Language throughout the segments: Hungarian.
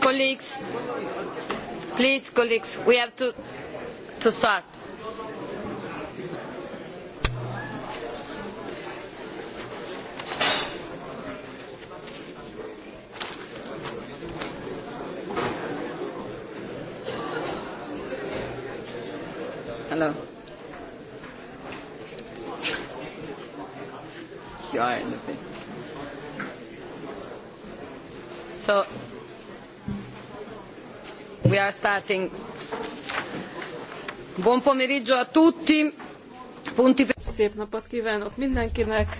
Colleagues, please, colleagues, we have to to start. ja, So, we are starting. Buon pomeriggio a tutti. Punti... Szép napot kívánok mindenkinek.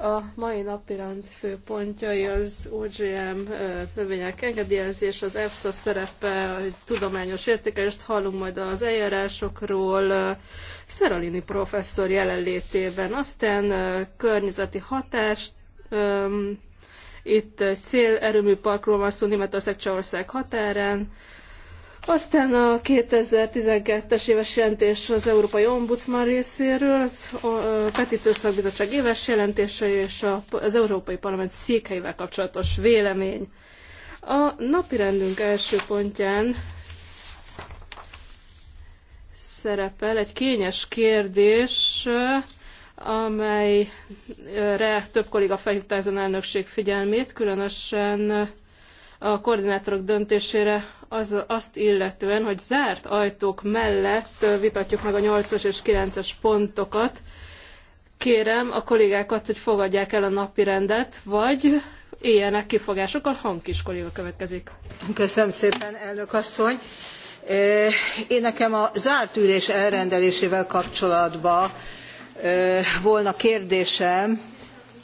A mai napirend főpontjai az OGM növények engedélyezés, az EFSA szerepe, a tudományos értékelést hallunk majd az eljárásokról, Szeralini professzor jelenlétében, aztán környezeti hatást, itt szélerőmű parkról van szó Németország-Csehország határán, aztán a 2012-es éves jelentés az Európai Ombudsman részéről, az a Petíciós Szakbizottság éves jelentése és az Európai Parlament székhelyével kapcsolatos vélemény. A napirendünk első pontján szerepel egy kényes kérdés, amelyre több kolléga felhívta ezen elnökség figyelmét, különösen a koordinátorok döntésére az, azt illetően, hogy zárt ajtók mellett vitatjuk meg a 8-as és 9-es pontokat. Kérem a kollégákat, hogy fogadják el a napirendet, vagy éljenek kifogásokkal. Hankis kolléga következik. Köszönöm szépen, elnök asszony. Én nekem a zárt ülés elrendelésével kapcsolatban volna kérdésem,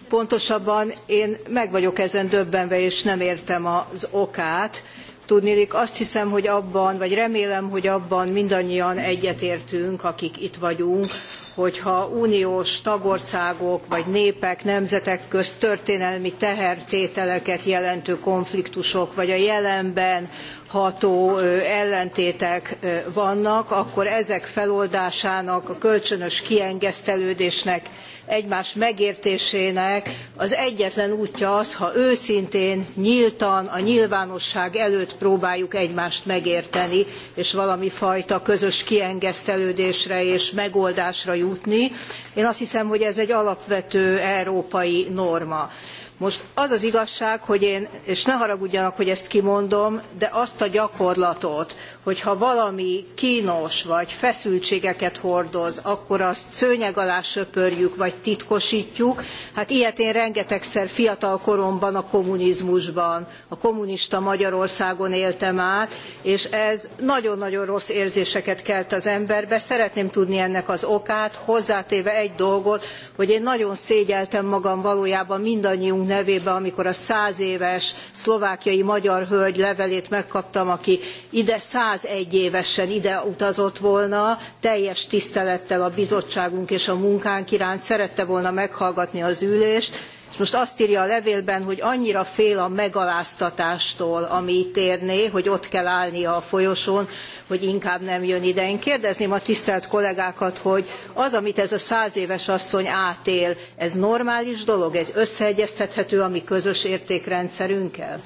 pontosabban én meg vagyok ezen döbbenve, és nem értem az okát Tudnélik azt hiszem, hogy abban, vagy remélem, hogy abban mindannyian egyetértünk, akik itt vagyunk, hogyha uniós tagországok, vagy népek, nemzetek közt történelmi tehertételeket jelentő konfliktusok, vagy a jelenben ható ellentétek vannak, akkor ezek feloldásának, a kölcsönös kiengesztelődésnek egymás megértésének az egyetlen útja az, ha őszintén, nyíltan, a nyilvánosság előtt próbáljuk egymást megérteni, és valami fajta közös kiengesztelődésre és megoldásra jutni. Én azt hiszem, hogy ez egy alapvető európai norma most az az igazság, hogy én, és ne haragudjanak, hogy ezt kimondom, de azt a gyakorlatot, hogyha valami kínos vagy feszültségeket hordoz, akkor azt szőnyeg alá söpörjük, vagy titkosítjuk. Hát ilyet én rengetegszer fiatal koromban a kommunizmusban, a kommunista Magyarországon éltem át, és ez nagyon-nagyon rossz érzéseket kelt az emberbe. Szeretném tudni ennek az okát, hozzátéve egy dolgot, hogy én nagyon szégyeltem magam valójában mindannyiunk mindannyiunk nevébe, amikor a száz éves szlovákiai magyar hölgy levelét megkaptam, aki ide 101 évesen ide utazott volna, teljes tisztelettel a bizottságunk és a munkánk iránt szerette volna meghallgatni az ülést, és most azt írja a levélben, hogy annyira fél a megaláztatástól, ami itt érné, hogy ott kell állnia a folyosón, hogy inkább nem jön ide. Én kérdezném a tisztelt kollégákat, hogy az, amit ez a száz éves asszony átél, ez normális dolog, egy összeegyeztethető a mi közös értékrendszerünkkel?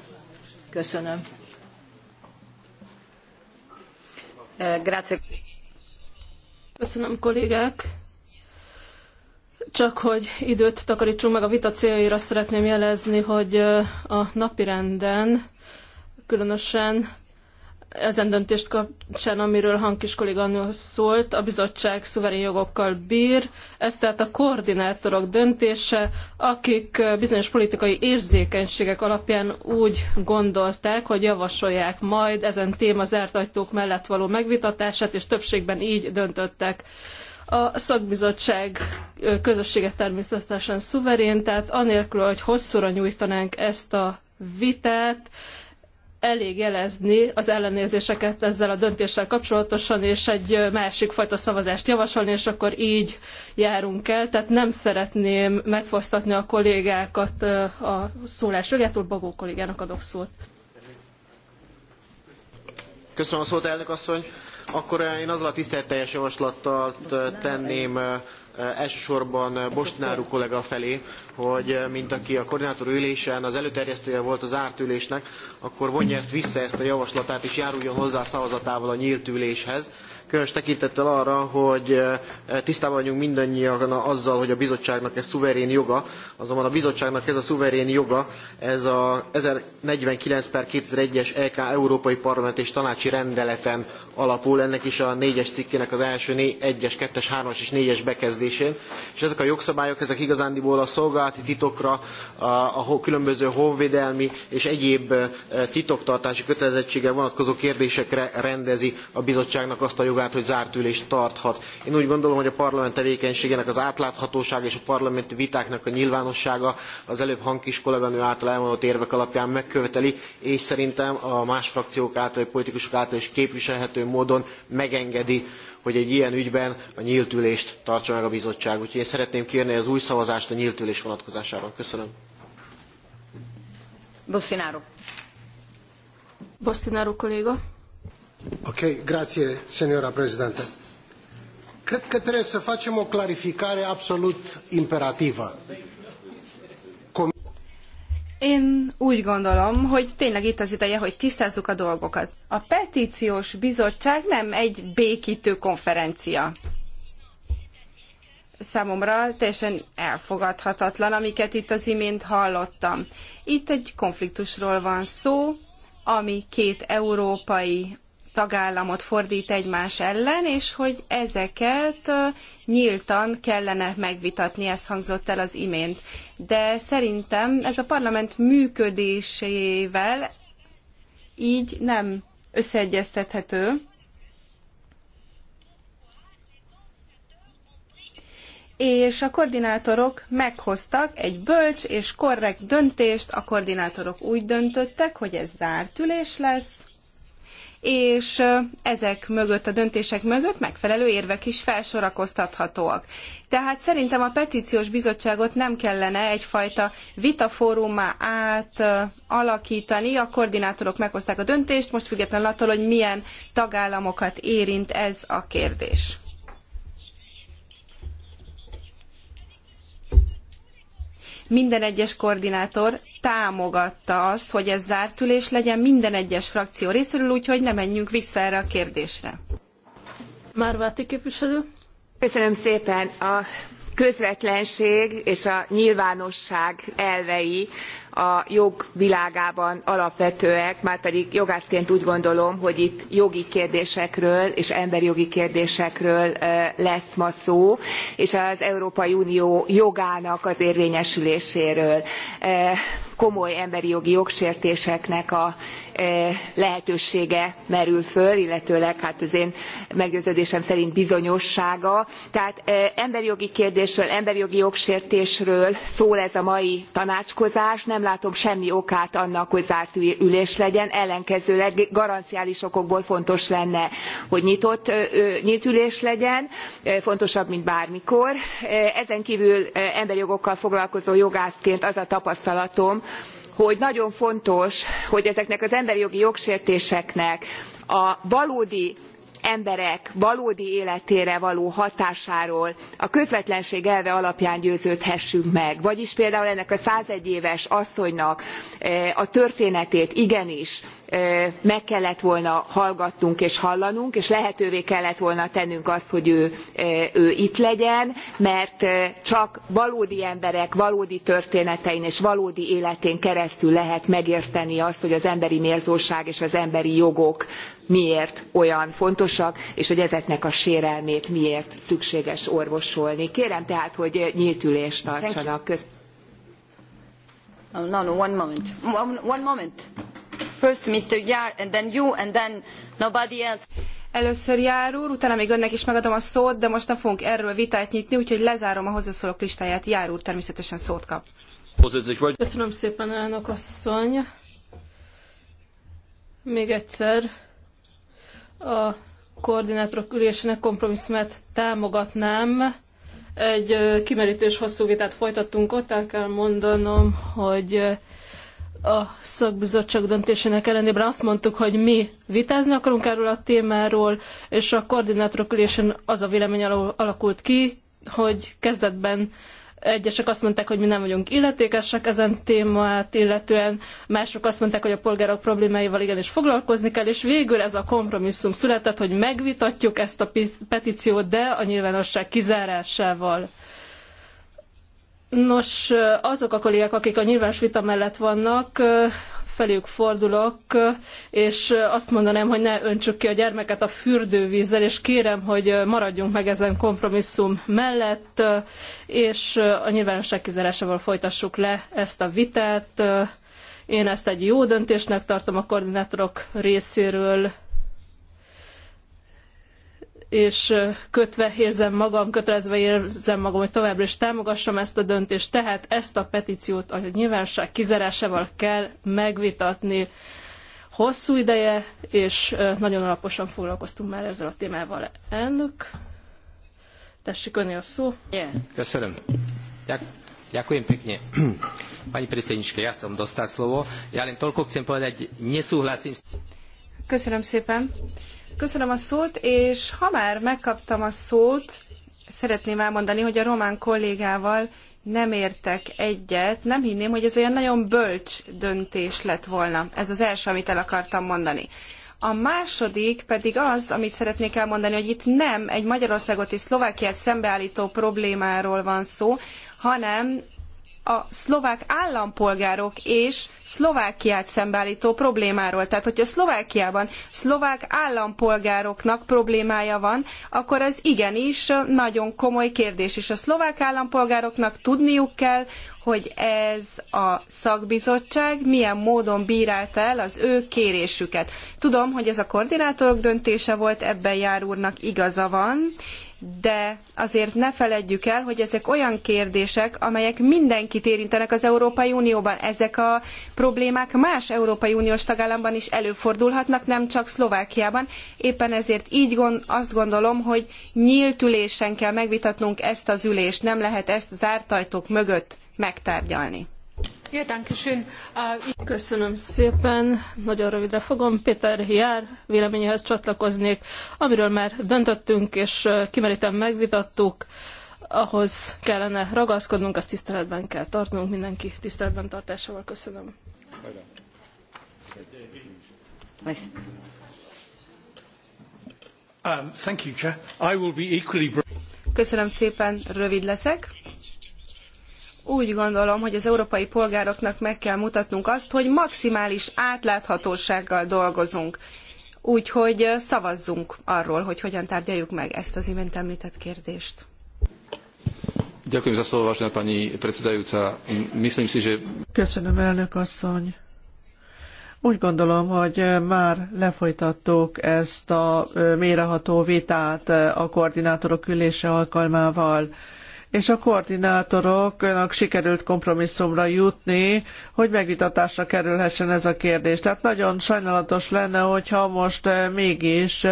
Köszönöm. Eh, grazie. Köszönöm kollégák. Csak hogy időt takarítsunk meg a vita céljaira, szeretném jelezni, hogy eh, a napirenden különösen ezen döntést kapcsán, amiről Hankis kolléganő szólt, a bizottság szuverén jogokkal bír, ez tehát a koordinátorok döntése, akik bizonyos politikai érzékenységek alapján úgy gondolták, hogy javasolják majd ezen téma zárt ajtók mellett való megvitatását, és többségben így döntöttek. A szakbizottság közössége természetesen szuverén, tehát anélkül, hogy hosszúra nyújtanánk ezt a vitát, elég jelezni az ellenérzéseket ezzel a döntéssel kapcsolatosan, és egy másik fajta szavazást javasolni, és akkor így járunk el. Tehát nem szeretném megfosztatni a kollégákat eh, a szólás jogától. Bagó kollégának adok szót. Köszönöm a szót, elnök asszony. Akkor én azzal a tiszteletteljes javaslattal eh, tenném eh, elsősorban Bostináru kollega felé, hogy mint aki a koordinátor ülésen az előterjesztője volt az árt ülésnek, akkor vonja ezt vissza ezt a javaslatát és járuljon hozzá a szavazatával a nyílt üléshez különös tekintettel arra, hogy tisztában vagyunk mindannyian azzal, hogy a bizottságnak ez szuverén joga, azonban a bizottságnak ez a szuverén joga, ez a 1049 per 2001-es EK Európai Parlament és Tanácsi Rendeleten alapul, ennek is a négyes es cikkének az első 1-es, 2-es, 3-as és 4-es bekezdésén. És ezek a jogszabályok, ezek igazándiból a szolgálati titokra, a, a különböző honvédelmi és egyéb titoktartási kötelezettséggel vonatkozó kérdésekre rendezi a bizottságnak azt a jogát, megnyilvánt, hogy zárt ülést tarthat. Én úgy gondolom, hogy a parlament tevékenységének az átláthatósága és a parlamenti vitáknak a nyilvánossága az előbb hangkis kolléganő által elmondott érvek alapján megköveteli, és szerintem a más frakciók által, politikusok által is képviselhető módon megengedi, hogy egy ilyen ügyben a nyílt ülést tartsa meg a bizottság. Úgyhogy én szeretném kérni az új szavazást a nyílt ülés vonatkozásában. Köszönöm. Bosszináró. Bosszináró kolléga. Ok, grazie, signora Presidente. Cred că trebuie să facem o clarificare absolut imperativă. Én úgy gondolom, hogy tényleg itt az ideje, hogy tisztázzuk a dolgokat. A petíciós bizottság nem egy békítő konferencia. Számomra teljesen elfogadhatatlan, amiket itt az imént hallottam. Itt egy konfliktusról van szó, ami két európai tagállamot fordít egymás ellen, és hogy ezeket nyíltan kellene megvitatni, ez hangzott el az imént. De szerintem ez a parlament működésével így nem összeegyeztethető. és a koordinátorok meghoztak egy bölcs és korrekt döntést, a koordinátorok úgy döntöttek, hogy ez zárt ülés lesz, és ezek mögött, a döntések mögött megfelelő érvek is felsorakoztathatóak. Tehát szerintem a petíciós bizottságot nem kellene egyfajta vitafórumá alakítani. A koordinátorok meghozták a döntést, most függetlenül attól, hogy milyen tagállamokat érint ez a kérdés. minden egyes koordinátor támogatta azt, hogy ez zárt ülés legyen minden egyes frakció részéről, úgyhogy ne menjünk vissza erre a kérdésre. Márváti képviselő. Köszönöm szépen. A közvetlenség és a nyilvánosság elvei a jog világában alapvetőek márpedig jogászként úgy gondolom hogy itt jogi kérdésekről és emberi jogi kérdésekről lesz ma szó és az európai unió jogának az érvényesüléséről komoly emberi jogi jogsértéseknek a lehetősége merül föl illetőleg hát az én meggyőződésem szerint bizonyossága tehát emberi jogi kérdésről emberi jogi jogsértésről szól ez a mai tanácskozás nem látom semmi okát annak hogy zárt ülés legyen ellenkezőleg garanciális okokból fontos lenne hogy nyitott ülés legyen fontosabb mint bármikor ezenkvül emberi jogokkal foglalkozó jogászként az a tapasztalatom hogy nagyon fontos hogy ezeknek az emberi jogi jogsértéseknek a valódi emberek valódi életére való hatásáról a közvetlenség elve alapján győződhessünk meg vagyis például ennek a one hundred and one éves asszonynak eh, a történetét igenis meg kellett volna hallgatnunk és hallanunk és lehetővé kellett volna tennünk azt hogy ő, itt legyen mert csak valódi emberek valódi történetein és valódi életén keresztül lehet megérteni azt hogy az emberi méltóság és az emberi jogok miért olyan fontosak és hogy ezeknek a sérelmét miért szükséges orvosolni. kérem tehát hogy nylt ülést tartsanak. Köszönöm. Oh, no, no, one moment. One, one moment first Mr. and then you, and then nobody else. Először Jár úr, utána még önnek is megadom a szót, de most nem fogunk erről vitát nyitni, úgyhogy lezárom a hozzászólók listáját. Jár úr természetesen szót kap. Köszönöm szépen, elnök asszony. Még egyszer a koordinátorok ülésének kompromisszumát támogatnám. Egy kimerítős hosszú vitát folytattunk ott, el kell mondanom, hogy a szakbizottság döntésének ellenében azt mondtuk, hogy mi vitázni akarunk erről a témáról, és a koordinátorok ülésén az a vélemény alakult ki, hogy kezdetben egyesek azt mondták, hogy mi nem vagyunk illetékesek ezen témát, illetően mások azt mondták, hogy a polgárok problémáival igenis foglalkozni kell, és végül ez a kompromisszum született, hogy megvitatjuk ezt a petíciót, de a nyilvánosság kizárásával. Nos, azok a kollégák, akik a nyilvános vita mellett vannak, feléjük fordulok, és azt mondanám, hogy ne öntsük ki a gyermeket a fürdővízzel, és kérem, hogy maradjunk meg ezen kompromisszum mellett, és a nyilvánosság kizárásával folytassuk le ezt a vitát. Én ezt egy jó döntésnek tartom a koordinátorok részéről és kötve érzem magam, kötelezve érzem magam, hogy továbbra is támogassam ezt a döntést, tehát ezt a petíciót a nyilvánosság kizárásával kell megvitatni. Hosszú ideje, és nagyon alaposan foglalkoztunk már ezzel a témával. Elnök, tessék önni a szó. Köszönöm. Ďakujem pekne. Pani predsedničke, ja som dostal slovo. Ja len toľko chcem povedať, nesúhlasím. Köszönöm szépen. Köszönöm a szót, és ha már megkaptam a szót, szeretném elmondani, hogy a román kollégával nem értek egyet. Nem hinném, hogy ez olyan nagyon bölcs döntés lett volna. Ez az első, amit el akartam mondani. A második pedig az, amit szeretnék elmondani, hogy itt nem egy Magyarországot és Szlovákiát szembeállító problémáról van szó, hanem a szlovák állampolgárok és Szlovákiát szembeállító problémáról. Tehát, hogyha Szlovákiában szlovák állampolgároknak problémája van, akkor ez igenis nagyon komoly kérdés. És a szlovák állampolgároknak tudniuk kell, hogy ez a szakbizottság milyen módon bírálta el az ő kérésüket. Tudom, hogy ez a koordinátorok döntése volt, ebben jár úrnak igaza van, de azért ne feledjük el, hogy ezek olyan kérdések, amelyek mindenkit érintenek az Európai Unióban. Ezek a problémák más Európai Uniós tagállamban is előfordulhatnak, nem csak Szlovákiában. Éppen ezért így gond, azt gondolom, hogy nyílt ülésen kell megvitatnunk ezt az ülést, nem lehet ezt zárt ajtók mögött megtárgyalni. Äh, köszönöm szépen, nagyon rövidre fogom. Péter Jár véleményéhez csatlakoznék, amiről már döntöttünk és kimerítem megvitattuk. Ahhoz kellene ragaszkodnunk, azt tiszteletben kell tartanunk, mindenki tiszteletben tartásával köszönöm. Um, köszönöm szépen, rövid leszek úgy gondolom, hogy az európai polgároknak meg kell mutatnunk azt, hogy maximális átláthatósággal dolgozunk. Úgyhogy szavazzunk arról, hogy hogyan tárgyaljuk meg ezt az imént említett kérdést. Ďakujem za slovo, vážená pani predsedajúca. Myslím si, že... Köszönöm, elnök asszony. Úgy gondolom, hogy már lefolytattuk ezt a méreható vitát a koordinátorok ülése alkalmával és a koordinátoroknak sikerült kompromisszumra jutni, hogy megvitatásra kerülhessen ez a kérdés. Tehát nagyon sajnálatos lenne, hogyha most eh, mégis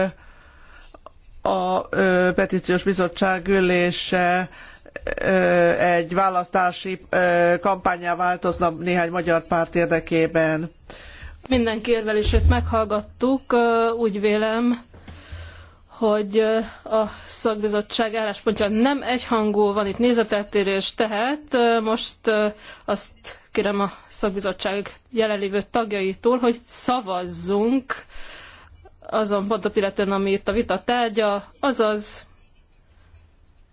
a eh, petíciós bizottság ülése eh, egy választási kampányá változna néhány magyar párt érdekében. Minden kérvelését meghallgattuk, úgy vélem, hogy a szakbizottság álláspontja nem egyhangú, van itt nézeteltérés, tehát most azt kérem a szakbizottság jelenlévő tagjaitól, hogy szavazzunk azon pontot illetően, ami itt a vita tárgya, azaz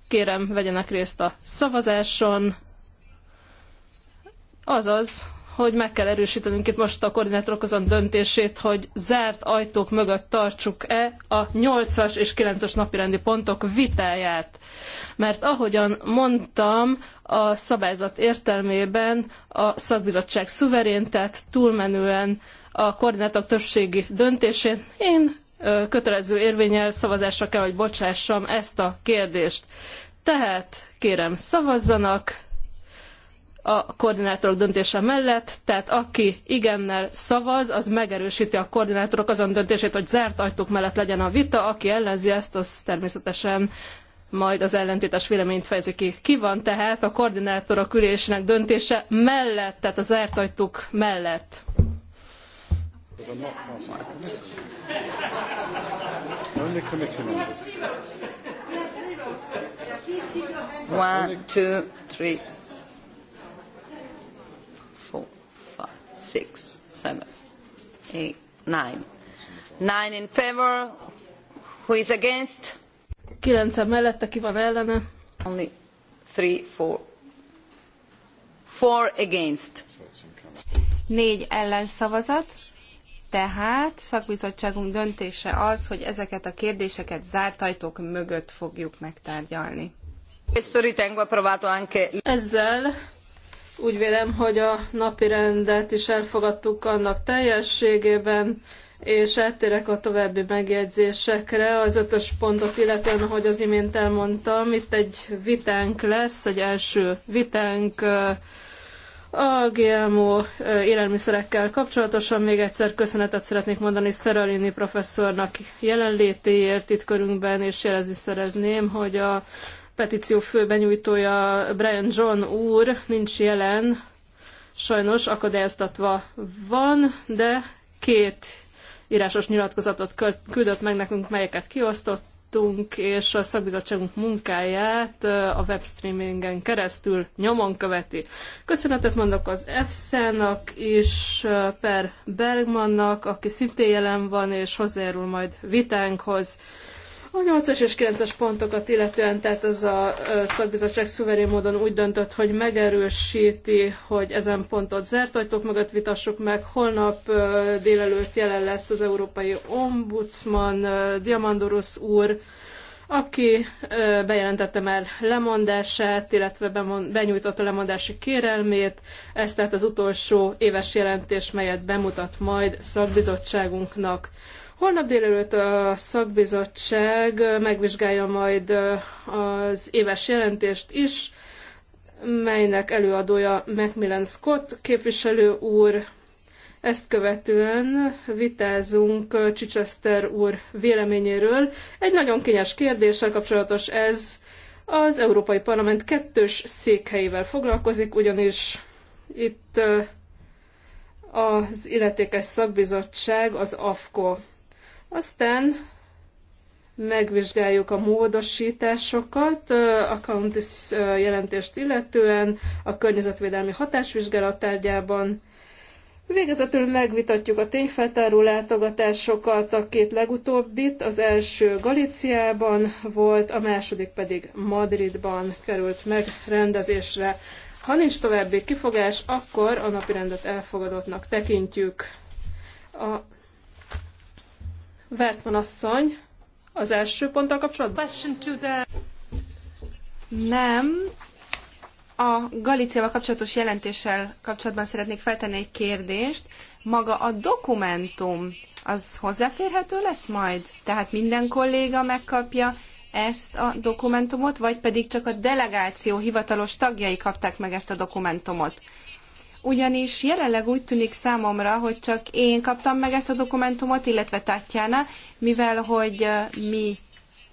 kérem vegyenek részt a szavazáson, azaz hogy meg kell erősítenünk itt most a koordinátorok azon döntését, hogy zárt ajtók mögött tartsuk-e a 8-as és 9-as napirendi pontok vitáját. Mert ahogyan mondtam, a szabályzat értelmében a szakbizottság szuverén, tehát túlmenően a koordinátorok többségi döntésén én kötelező érvényel szavazásra kell, hogy bocsássam ezt a kérdést. Tehát kérem szavazzanak, a koordinátorok döntése mellett, tehát aki igennel szavaz, az megerősíti a koordinátorok azon döntését, hogy zárt ajtók mellett legyen a vita, aki ellenzi ezt, az természetesen majd az ellentétes véleményt fejezi ki. Ki van tehát a koordinátorok ülésének döntése mellett, tehát a zárt ajtók mellett? One, two, three. nine. Nine in favor. Who is against? Kilencen mellette ki van ellene. Only three, four. Four against. Négy ellenszavazat. Tehát szakbizottságunk döntése az, hogy ezeket a kérdéseket zárt ajtók mögött fogjuk megtárgyalni. Ezzel úgy vélem, hogy a napi rendet is elfogadtuk annak teljességében, és eltérek a további megjegyzésekre. Az ötös pontot illetően, ahogy az imént elmondtam, itt egy vitánk lesz, egy első vitánk a GMO élelmiszerekkel kapcsolatosan. Még egyszer köszönetet szeretnék mondani Szeralini professzornak jelenlétéért itt körünkben, és jelezni szerezném, hogy a petíció főbenyújtója Brian John úr nincs jelen, sajnos akadályoztatva van, de két írásos nyilatkozatot küldött meg nekünk, melyeket kiosztottunk, és a szakbizottságunk munkáját a webstreamingen keresztül nyomon követi. Köszönetet mondok az EFSZ-nak és Per Bergmannak, aki szintén jelen van, és hozzájárul majd vitánkhoz. A 8-as és 9-es pontokat illetően, tehát ez a szakbizottság szuverén módon úgy döntött, hogy megerősíti, hogy ezen pontot zárt ajtók mögött vitassuk meg. Holnap délelőtt jelen lesz az Európai Ombudsman, Diamandorus úr, aki bejelentette már lemondását, illetve benyújtotta lemondási kérelmét. Ez tehát az utolsó éves jelentés, melyet bemutat majd szakbizottságunknak. Holnap délelőtt a szakbizottság megvizsgálja majd az éves jelentést is, melynek előadója Macmillan Scott képviselő úr. Ezt követően vitázunk Chichester úr véleményéről. Egy nagyon kényes kérdéssel kapcsolatos ez. Az Európai Parlament kettős székhelyével foglalkozik, ugyanis itt az illetékes szakbizottság az AFKO. Aztán megvizsgáljuk a módosításokat a Countess jelentést illetően, a környezetvédelmi hatásvizsgálat tárgyában. Végezetül megvitatjuk a tényfeltáró látogatásokat, a két legutóbbit, az első Galíciában volt, a második pedig Madridban került megrendezésre. Ha nincs további kifogás, akkor a napirendet elfogadottnak tekintjük. A Vertman asszony, az első ponttal kapcsolatban? Nem. A Galíciával kapcsolatos jelentéssel kapcsolatban szeretnék feltenni egy kérdést. Maga a dokumentum, az hozzáférhető lesz majd? Tehát minden kolléga megkapja ezt a dokumentumot, vagy pedig csak a delegáció hivatalos tagjai kapták meg ezt a dokumentumot? ugyanis jelenleg úgy tűnik számomra, hogy csak én kaptam meg ezt a dokumentumot, illetve Tatjana, mivel hogy mi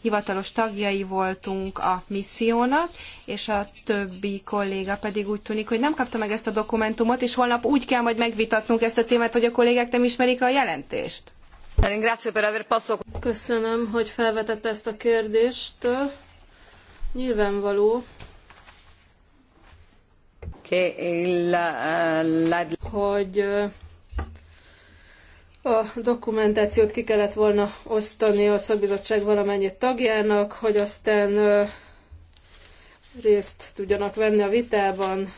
hivatalos tagjai voltunk a missziónak, és a többi kolléga pedig úgy tűnik, hogy nem kapta meg ezt a dokumentumot, és holnap úgy kell majd megvitatnunk ezt a témát, hogy a kollégák nem ismerik a jelentést. Köszönöm, hogy felvetette ezt a kérdést. Nyilvánvaló, Eh, hogy eh, a dokumentációt ki kellett volna osztani a szakbizottság valamennyi tagjának, hogy aztán eh, részt tudjanak venni a vitában.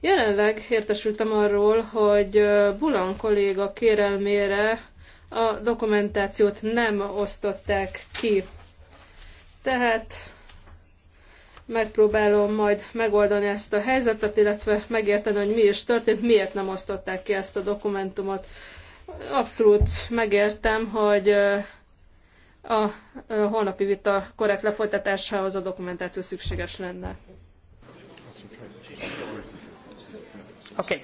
Jelenleg értesültem arról, hogy Bulan kolléga kérelmére a dokumentációt nem osztották ki. Tehát megpróbálom majd megoldani ezt a helyzetet, illetve megérteni, hogy mi is történt, miért nem osztották ki ezt a dokumentumot. Abszolút megértem, hogy a holnapi vita korrekt lefolytatásához a dokumentáció szükséges lenne. Okay.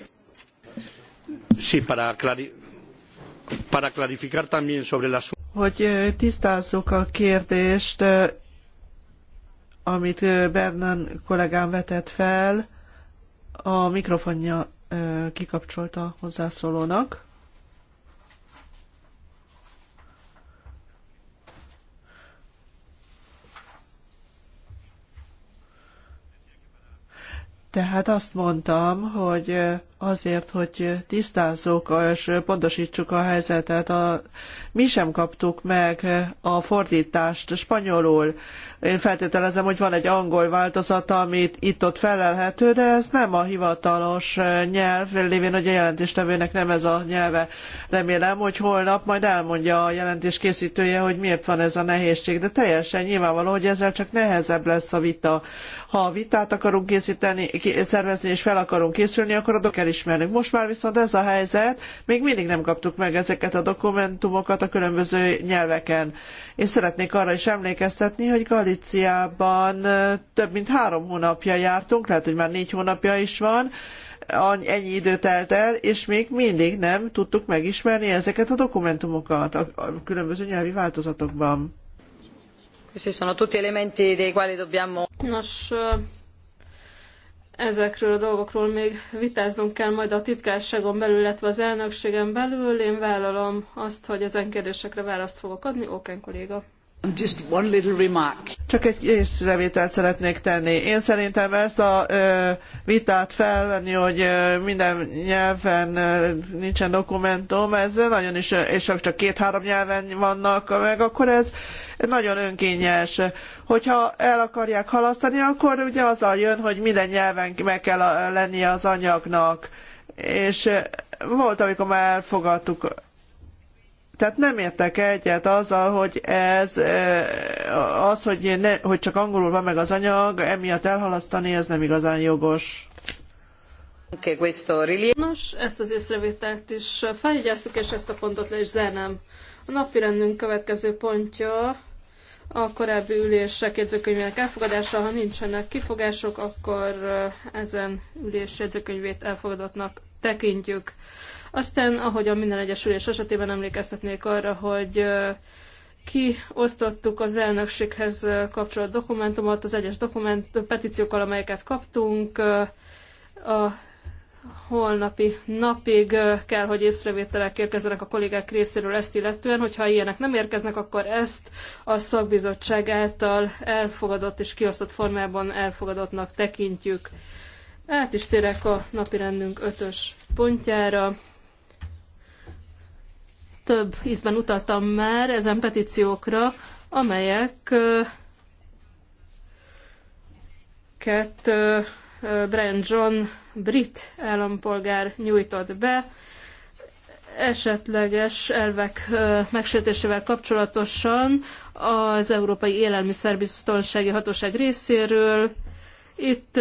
Sí, para, clari para clarificar también sobre Hogy tisztázzuk a kérdést, amit Bernan kollégám vetett fel, a mikrofonja kikapcsolta a hozzászólónak. Tehát azt mondtam, hogy azért, hogy tisztázzuk és pontosítsuk a helyzetet, a, mi sem kaptuk meg a fordítást spanyolul. Én feltételezem, hogy van egy angol változata, amit itt-ott felelhető, de ez nem a hivatalos eh, nyelv, lévén, hogy a jelentéstevőnek nem ez a nyelve. Remélem, hogy holnap majd elmondja a jelentés készítője, hogy miért van ez a nehézség, de teljesen nyilvánvaló, hogy ezzel csak nehezebb lesz a vita. Ha a vitát akarunk készíteni, szervezni és fel akarunk készülni, akkor adok elismernünk. Most már viszont ez a helyzet, még mindig nem kaptuk meg ezeket a dokumentumokat a különböző nyelveken. És szeretnék arra is emlékeztetni, hogy Gali Galiciában több mint három hónapja jártunk, lehet, hogy már négy hónapja is van, ennyi idő telt el, és még mindig nem tudtuk megismerni ezeket a dokumentumokat a különböző nyelvi változatokban. Nos, ezekről a dolgokról még vitáznunk kell majd a titkárságon belül, illetve az elnökségen belül. Én vállalom azt, hogy ezen kérdésekre választ fogok adni. Oken kolléga. Just one little remark. Csak egy észrevételt szeretnék tenni. Én szerintem ezt a vitát felvenni, hogy minden nyelven nincsen dokumentum, ez nagyon is, és csak két-három nyelven vannak, meg akkor ez nagyon önkényes. Hogyha el akarják halasztani, akkor ugye azzal jön, hogy minden nyelven meg kell lennie az anyagnak. És volt, amikor már elfogadtuk tehát nem értek egyet azzal, hogy ez az, hogy, ne, hogy csak angolul van meg az anyag, emiatt elhalasztani, ez nem igazán jogos. Nos, ezt az észrevételt is feljegyeztük, és ezt a pontot le is zárnám. A napirendünk következő pontja a korábbi ülések jegyzőkönyvének elfogadása. Ha nincsenek kifogások, akkor ezen ülés jegyzőkönyvét elfogadottnak tekintjük. Aztán, ahogy a minden egyesülés esetében emlékeztetnék arra, hogy kiosztottuk az elnökséghez kapcsolat dokumentumot, az egyes dokument, petíciókkal, amelyeket kaptunk. A holnapi napig kell, hogy észrevételek érkezzenek a kollégák részéről ezt illetően, hogyha ilyenek nem érkeznek, akkor ezt a szakbizottság által elfogadott és kiosztott formában elfogadottnak tekintjük. Át is térek a napirendünk ötös pontjára. Több ízben utaltam már ezen petíciókra, amelyek két Brian John brit állampolgár nyújtott be, esetleges elvek megsértésével kapcsolatosan az Európai Élelmiszerbiztonsági Hatóság részéről. Itt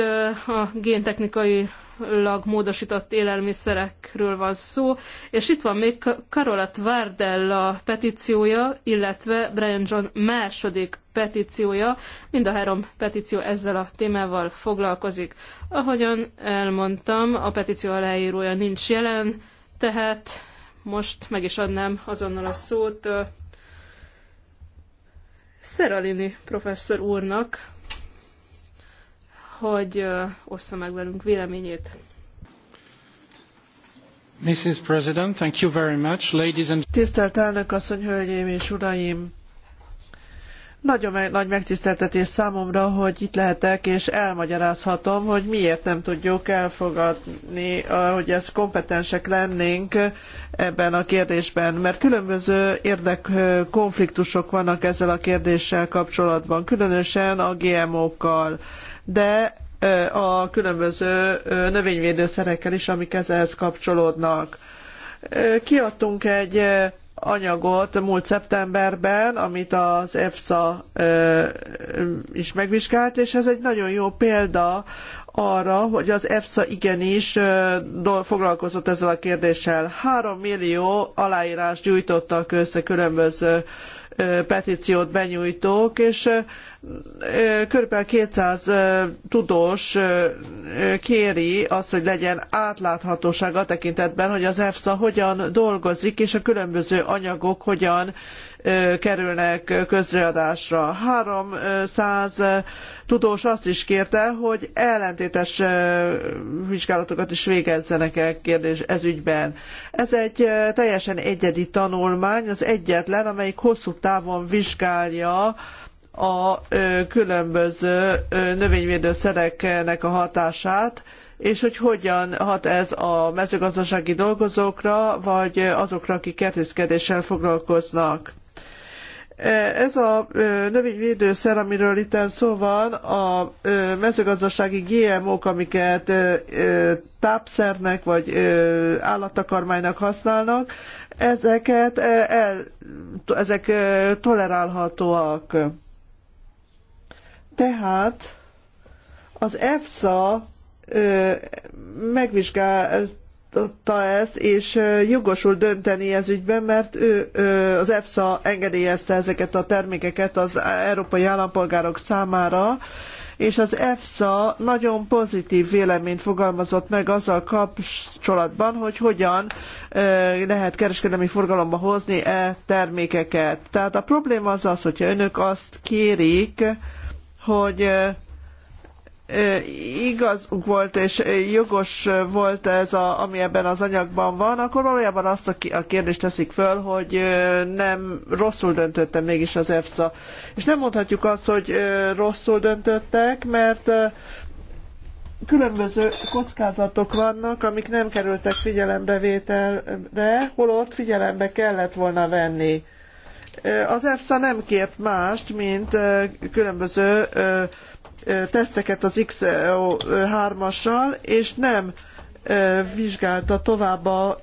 a géntechnikai utólag módosított élelmiszerekről van szó, és itt van még Karolat Tvardella petíciója, illetve Brian John második petíciója, mind a három petíció ezzel a témával foglalkozik. Ahogyan elmondtam, a petíció aláírója nincs jelen, tehát most meg is adnám azonnal a szót Szeralini professzor úrnak, hogy ossza meg velünk véleményét. Mrs. President, thank you very much. Ladies and... Tisztelt elnök asszony, hölgyeim és uraim! Nagyon nagy megtiszteltetés számomra, hogy itt lehetek, és elmagyarázhatom, hogy miért nem tudjuk elfogadni, hogy ez kompetensek lennénk ebben a kérdésben, mert különböző érdekkonfliktusok vannak ezzel a kérdéssel kapcsolatban, különösen a GMO-kkal de a különböző növényvédőszerekkel is, amik ehhez kapcsolódnak. Kiadtunk egy anyagot múlt szeptemberben, amit az EFSA is megvizsgált, és ez egy nagyon jó példa arra, hogy az EFSA igenis foglalkozott ezzel a kérdéssel. Három millió aláírás gyűjtottak össze különböző petíciót benyújtók, és Körülbelül 200 tudós kéri azt, hogy legyen átláthatóság a tekintetben, hogy az EFSA hogyan dolgozik, és a különböző anyagok hogyan kerülnek közreadásra. 300 tudós azt is kérte, hogy ellentétes vizsgálatokat is végezzenek el kérdés ez ügyben. Ez egy teljesen egyedi tanulmány, az egyetlen, amelyik hosszú távon vizsgálja a különböző növényvédőszereknek a hatását, és hogy hogyan hat ez a mezőgazdasági dolgozókra, vagy azokra, akik kertészkedéssel foglalkoznak. Ez a növényvédőszer, amiről itt szó van, a mezőgazdasági GMO-k, amiket tápszernek vagy állattakarmánynak használnak, ezeket el, ezek tolerálhatóak. Tehát az EFSA ö, megvizsgálta ezt, és jogosul dönteni ez ügyben, mert ő, ö, az EFSA engedélyezte ezeket a termékeket az európai állampolgárok számára, és az EFSA nagyon pozitív véleményt fogalmazott meg azzal kapcsolatban, hogy hogyan lehet kereskedelmi forgalomba hozni e termékeket. Tehát a probléma az az, hogyha önök azt kérik, hogy igaz volt és jogos volt ez, a, ami ebben az anyagban van, akkor valójában azt a kérdést teszik föl, hogy nem rosszul döntöttem mégis az EFSA. És nem mondhatjuk azt, hogy rosszul döntöttek, mert különböző kockázatok vannak, amik nem kerültek figyelembevételre, holott figyelembe kellett volna venni. Az EFSA nem kért mást, mint különböző teszteket az XO3-assal, e és nem vizsgálta tovább a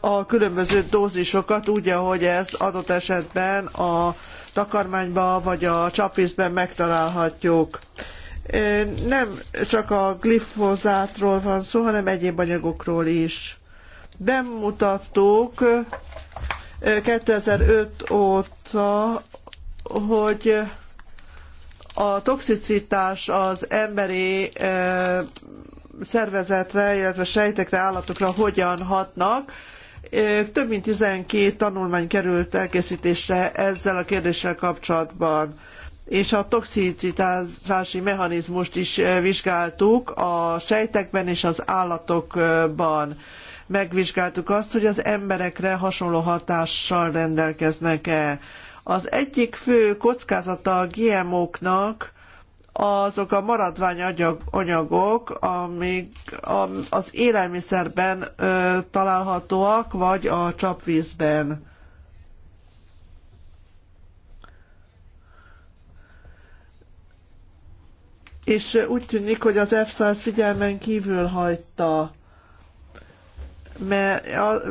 a különböző dózisokat úgy, ahogy ez adott esetben a takarmányban vagy a csapvízben megtalálhatjuk. Nem csak a glifozátról van szó, hanem egyéb anyagokról is. Bemutattuk 2005 óta, hogy a toxicitás az emberi szervezetre, illetve sejtekre, állatokra hogyan hatnak. Több mint 12 tanulmány került elkészítésre ezzel a kérdéssel kapcsolatban és a toxicitási mechanizmust is vizsgáltuk a sejtekben és az állatokban megvizsgáltuk azt, hogy az emberekre hasonló hatással rendelkeznek-e. Az egyik fő kockázata a GMO-knak azok a maradványanyagok, amik az élelmiszerben találhatóak, vagy a csapvízben. és úgy tűnik, hogy az EFSA ezt figyelmen kívül hagyta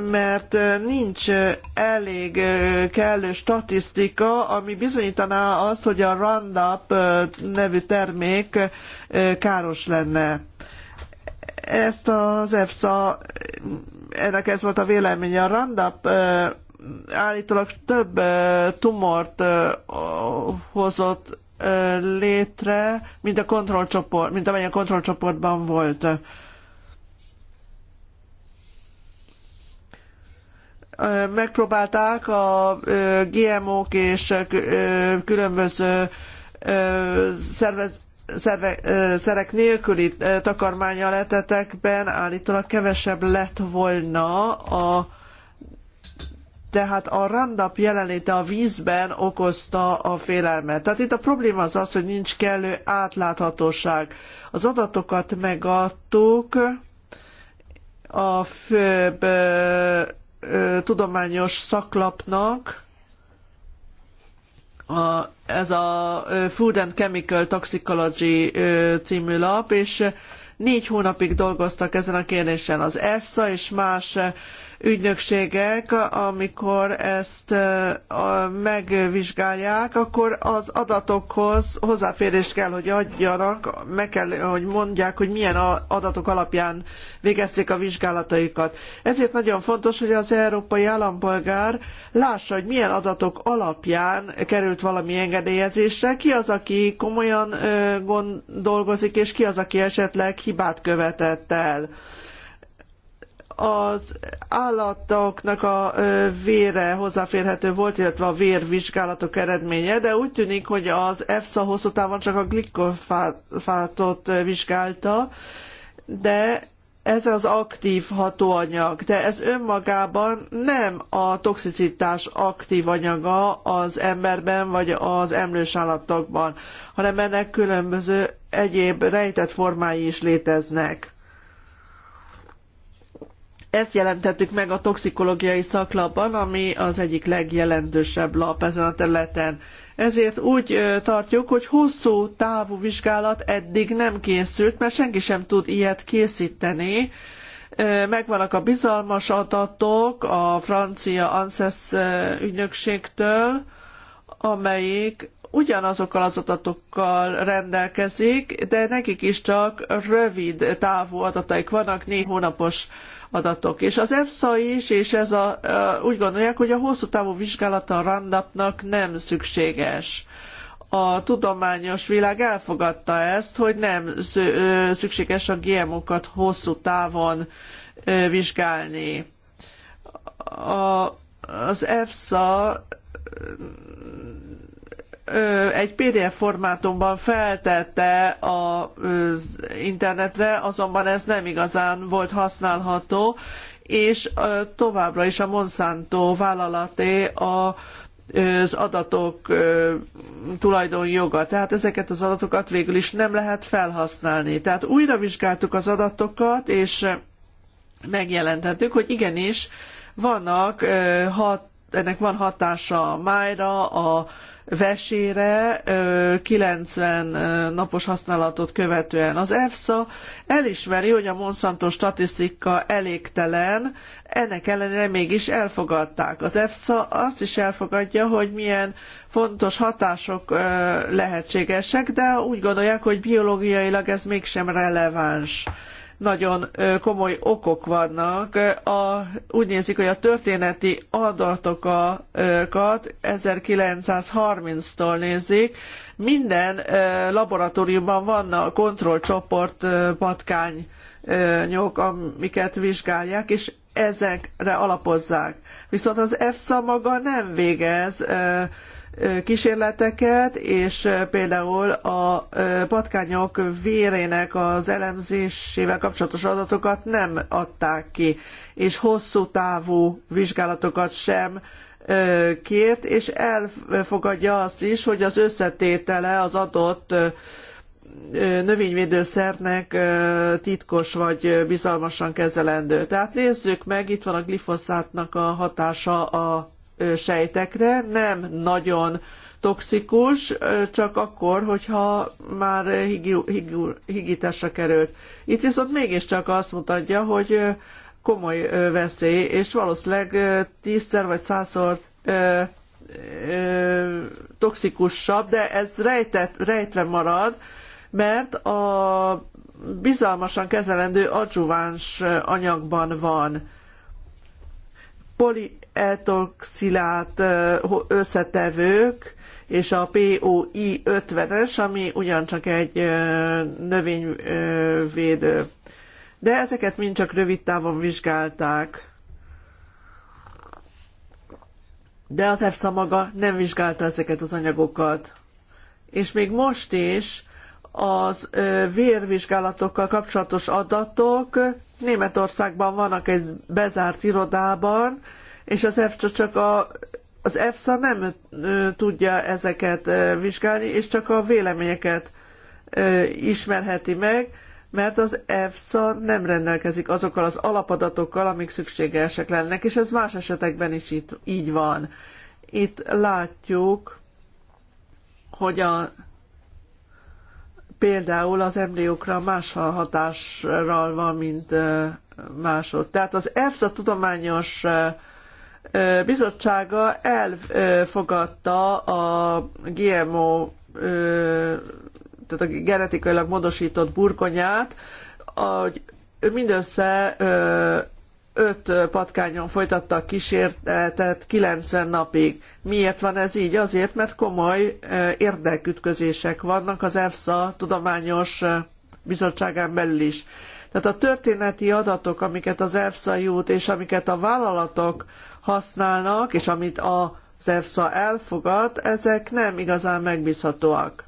mert nincs elég kellő statisztika, ami bizonyítaná azt, hogy a Roundup nevű termék káros lenne. Ezt az EFSA, ennek ez volt a véleménye, a Roundup állítólag több tumort hozott létre, mint a kontrollcsoport, mint amennyi a kontrollcsoportban volt. megpróbálták a GMO-k és különböző szervez, szerve, szerek nélküli takarmányal etetekben állítólag kevesebb lett volna a tehát a randap jelenléte a vízben okozta a félelmet. Tehát itt a probléma az az, hogy nincs kellő átláthatóság. Az adatokat megadtuk, a főbb tudományos szaklapnak a, ez a Food and Chemical Toxicology című lap, és négy hónapig dolgoztak ezen a kérdésen. Az EFSA és más ügynökségek, amikor ezt megvizsgálják, akkor az adatokhoz hozzáférést kell, hogy adjanak, meg kell, hogy mondják, hogy milyen adatok alapján végezték a vizsgálataikat. Ezért nagyon fontos, hogy az európai állampolgár lássa, hogy milyen adatok alapján került valami engedélyezésre, ki az, aki komolyan dolgozik, és ki az, aki esetleg hibát követett el az állatoknak a vére hozzáférhető volt, illetve a vérvizsgálatok eredménye, de úgy tűnik, hogy az EFSA hosszú távon csak a glikofátot vizsgálta, de ez az aktív hatóanyag, de ez önmagában nem a toxicitás aktív anyaga az emberben vagy az emlős állatokban, hanem ennek különböző egyéb rejtett formái is léteznek. Ezt jelentettük meg a toxikológiai szaklapban, ami az egyik legjelentősebb lap ezen a területen. Ezért úgy tartjuk, hogy hosszú távú vizsgálat eddig nem készült, mert senki sem tud ilyet készíteni. Megvannak a bizalmas adatok a francia ANSES ügynökségtől, amelyik ugyanazokkal az adatokkal rendelkezik, de nekik is csak rövid távú adataik vannak, négy hónapos adatok. És az EFSA is, és ez a, úgy gondolják, hogy a hosszú távú vizsgálata a Roundupnak nem szükséges a tudományos világ elfogadta ezt, hogy nem szükséges a GMO-kat hosszú távon vizsgálni. A, az EFSA egy PDF formátumban feltette az internetre, azonban ez nem igazán volt használható, és továbbra is a Monsanto vállalaté a az adatok tulajdonjoga. Tehát ezeket az adatokat végül is nem lehet felhasználni. Tehát újra vizsgáltuk az adatokat, és megjelentettük, hogy igenis vannak hat ennek van hatása a májra, a vesére 90 napos használatot követően. Az EFSA elismeri, hogy a Monsanto statisztika elégtelen, ennek ellenére mégis elfogadták. Az EFSA azt is elfogadja, hogy milyen fontos hatások lehetségesek, de úgy gondolják, hogy biológiailag ez mégsem releváns nagyon komoly okok vannak. A, úgy nézik, hogy a történeti adatokat 1930-tól nézik. Minden laboratóriumban vannak kontrollcsoport patkányok, amiket vizsgálják, és ezekre alapozzák. Viszont az EFSA maga nem végez kísérleteket, és például a patkányok vérének az elemzésével kapcsolatos adatokat nem adták ki, és hosszú távú vizsgálatokat sem kért, és elfogadja azt is, hogy az összetétele az adott növényvédőszernek titkos vagy bizalmasan kezelendő. Tehát nézzük meg, itt van a glifoszátnak a hatása a sejtekre, nem nagyon toxikus, csak akkor, hogyha már higításra került. Itt viszont mégiscsak azt mutatja, hogy komoly veszély, és valószínűleg tízszer vagy százszor toxikusabb, de ez rejtett, rejtve marad, mert a bizalmasan kezelendő adjuváns anyagban van. Poli, etoxilát összetevők és a POI 50-es, ami ugyancsak egy növényvédő. De ezeket mind csak rövid távon vizsgálták. De az EFSA maga nem vizsgálta ezeket az anyagokat. És még most is az vérvizsgálatokkal kapcsolatos adatok Németországban vannak egy bezárt irodában, és az EFSA csak a az EFSA nem tudja ezeket vizsgálni, és csak a véleményeket ismerheti meg, mert az EFSA nem rendelkezik azokkal az alapadatokkal, amik szükségesek lennek, és ez más esetekben is itt, így van. Itt látjuk, hogy a, például az embriókra más hatással van, mint másod. Tehát az EFSA tudományos bizottsága elfogadta a GMO, tehát a genetikailag módosított burgonyát, hogy mindössze öt patkányon folytattak kísérletet 90 napig. Miért van ez így? Azért, mert komoly érdekütközések vannak az EFSA tudományos bizottságán belül is. Tehát a történeti adatok, amiket az EFSA jut, és amiket a vállalatok használnak, és amit az EFSA elfogad, ezek nem igazán megbízhatóak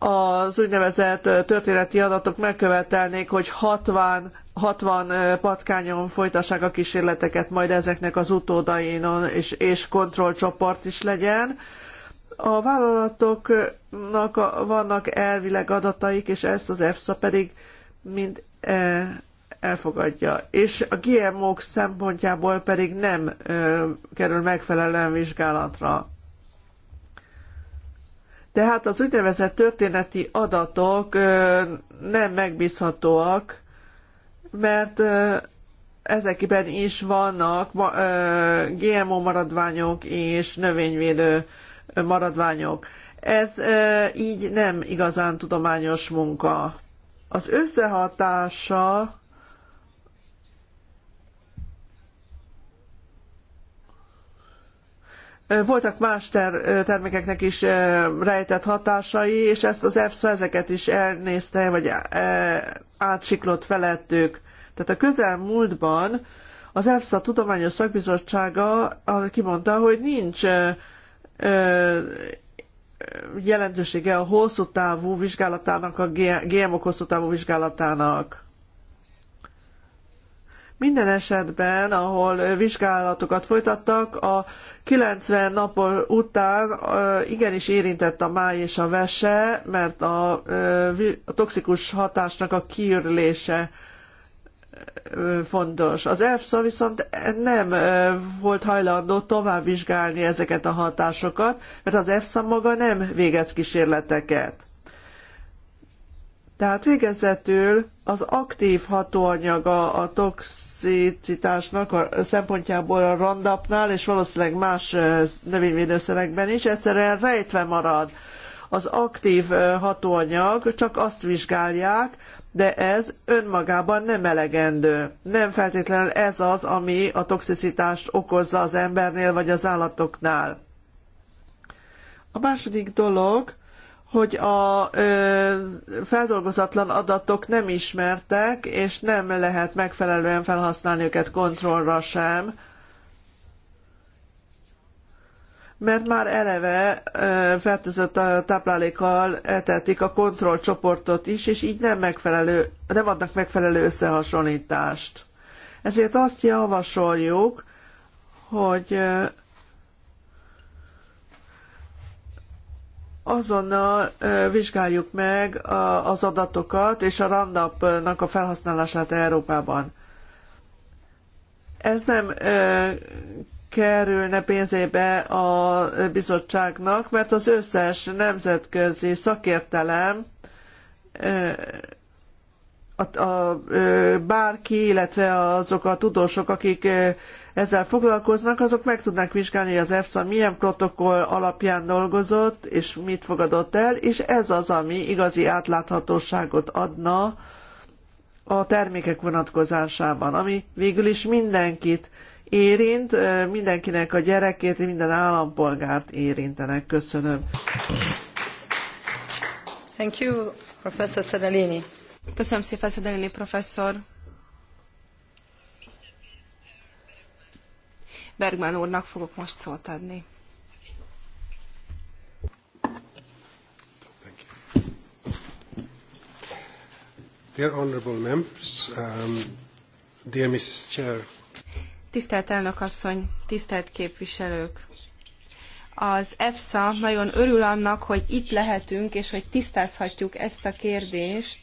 az úgynevezett történeti adatok megkövetelnék, hogy 60, 60 patkányon folytassák a kísérleteket, majd ezeknek az utódainon és, és kontrollcsoport is legyen. A vállalatoknak vannak elvileg adataik, és ezt az EFSA pedig mind e, elfogadja. És a GMO-k szempontjából pedig nem e, kerül megfelelően vizsgálatra. Tehát az úgynevezett történeti adatok e, nem megbízhatóak, mert ezekben is vannak GMO maradványok és növényvédő maradványok. Ez így nem igazán tudományos munka. Az összehatása Voltak más ter- termékeknek is rejtett hatásai, és ezt az EFSA ezeket is elnézte, vagy átsiklott felettük. Tehát a közelmúltban az EFSA Tudományos Szakbizottsága kimondta, hogy nincs jelentősége a hosszú távú vizsgálatának, a GMO hosszú távú vizsgálatának. Minden esetben, ahol vizsgálatokat folytattak, a 90 nap után igenis érintett a máj és a vese, mert a, a toxikus hatásnak a kiürülése fontos. Az EFSA viszont nem volt hajlandó tovább vizsgálni ezeket a hatásokat, mert az EFSA maga nem végez kísérleteket. Tehát végezetül az aktív hatóanyaga a toxicitásnak a szempontjából a randapnál és valószínűleg más növényvédőszerekben is egyszerűen rejtve marad. Az aktív hatóanyag csak azt vizsgálják, de ez önmagában nem elegendő. Nem feltétlenül ez az, ami a toxicitást okozza az embernél vagy az állatoknál. A második dolog, hogy a ö, feldolgozatlan adatok nem ismertek, és nem lehet megfelelően felhasználni őket kontrollra sem mert már eleve fertőzött táplálékkal etetik a kontrollcsoportot is, és így nem, megfelelő, nem adnak megfelelő összehasonlítást. Ezért azt javasoljuk, hogy azonnal vizsgáljuk meg az adatokat és a Roundup-nak a felhasználását Európában. Ez nem kerülne pénzébe a bizottságnak, mert az összes nemzetközi szakértelem a, a, bárki, illetve azok a tudósok, akik ezzel foglalkoznak, azok meg tudnák vizsgálni, hogy az EFSA milyen protokoll alapján dolgozott, és mit fogadott el, és ez az, ami igazi átláthatóságot adna a termékek vonatkozásában, ami végül is mindenkit érint, mindenkinek a gyerekét, minden állampolgárt érintenek. Köszönöm. Thank you, Professor Sedelini. Köszönöm szépen, Sedelini professzor. Bergman úrnak fogok most szót adni. Dear honorable members, um, dear Mrs. Chair. Tisztelt elnök asszony, tisztelt képviselők! Az EFSA nagyon örül annak, hogy itt lehetünk, és hogy tisztázhatjuk ezt a kérdést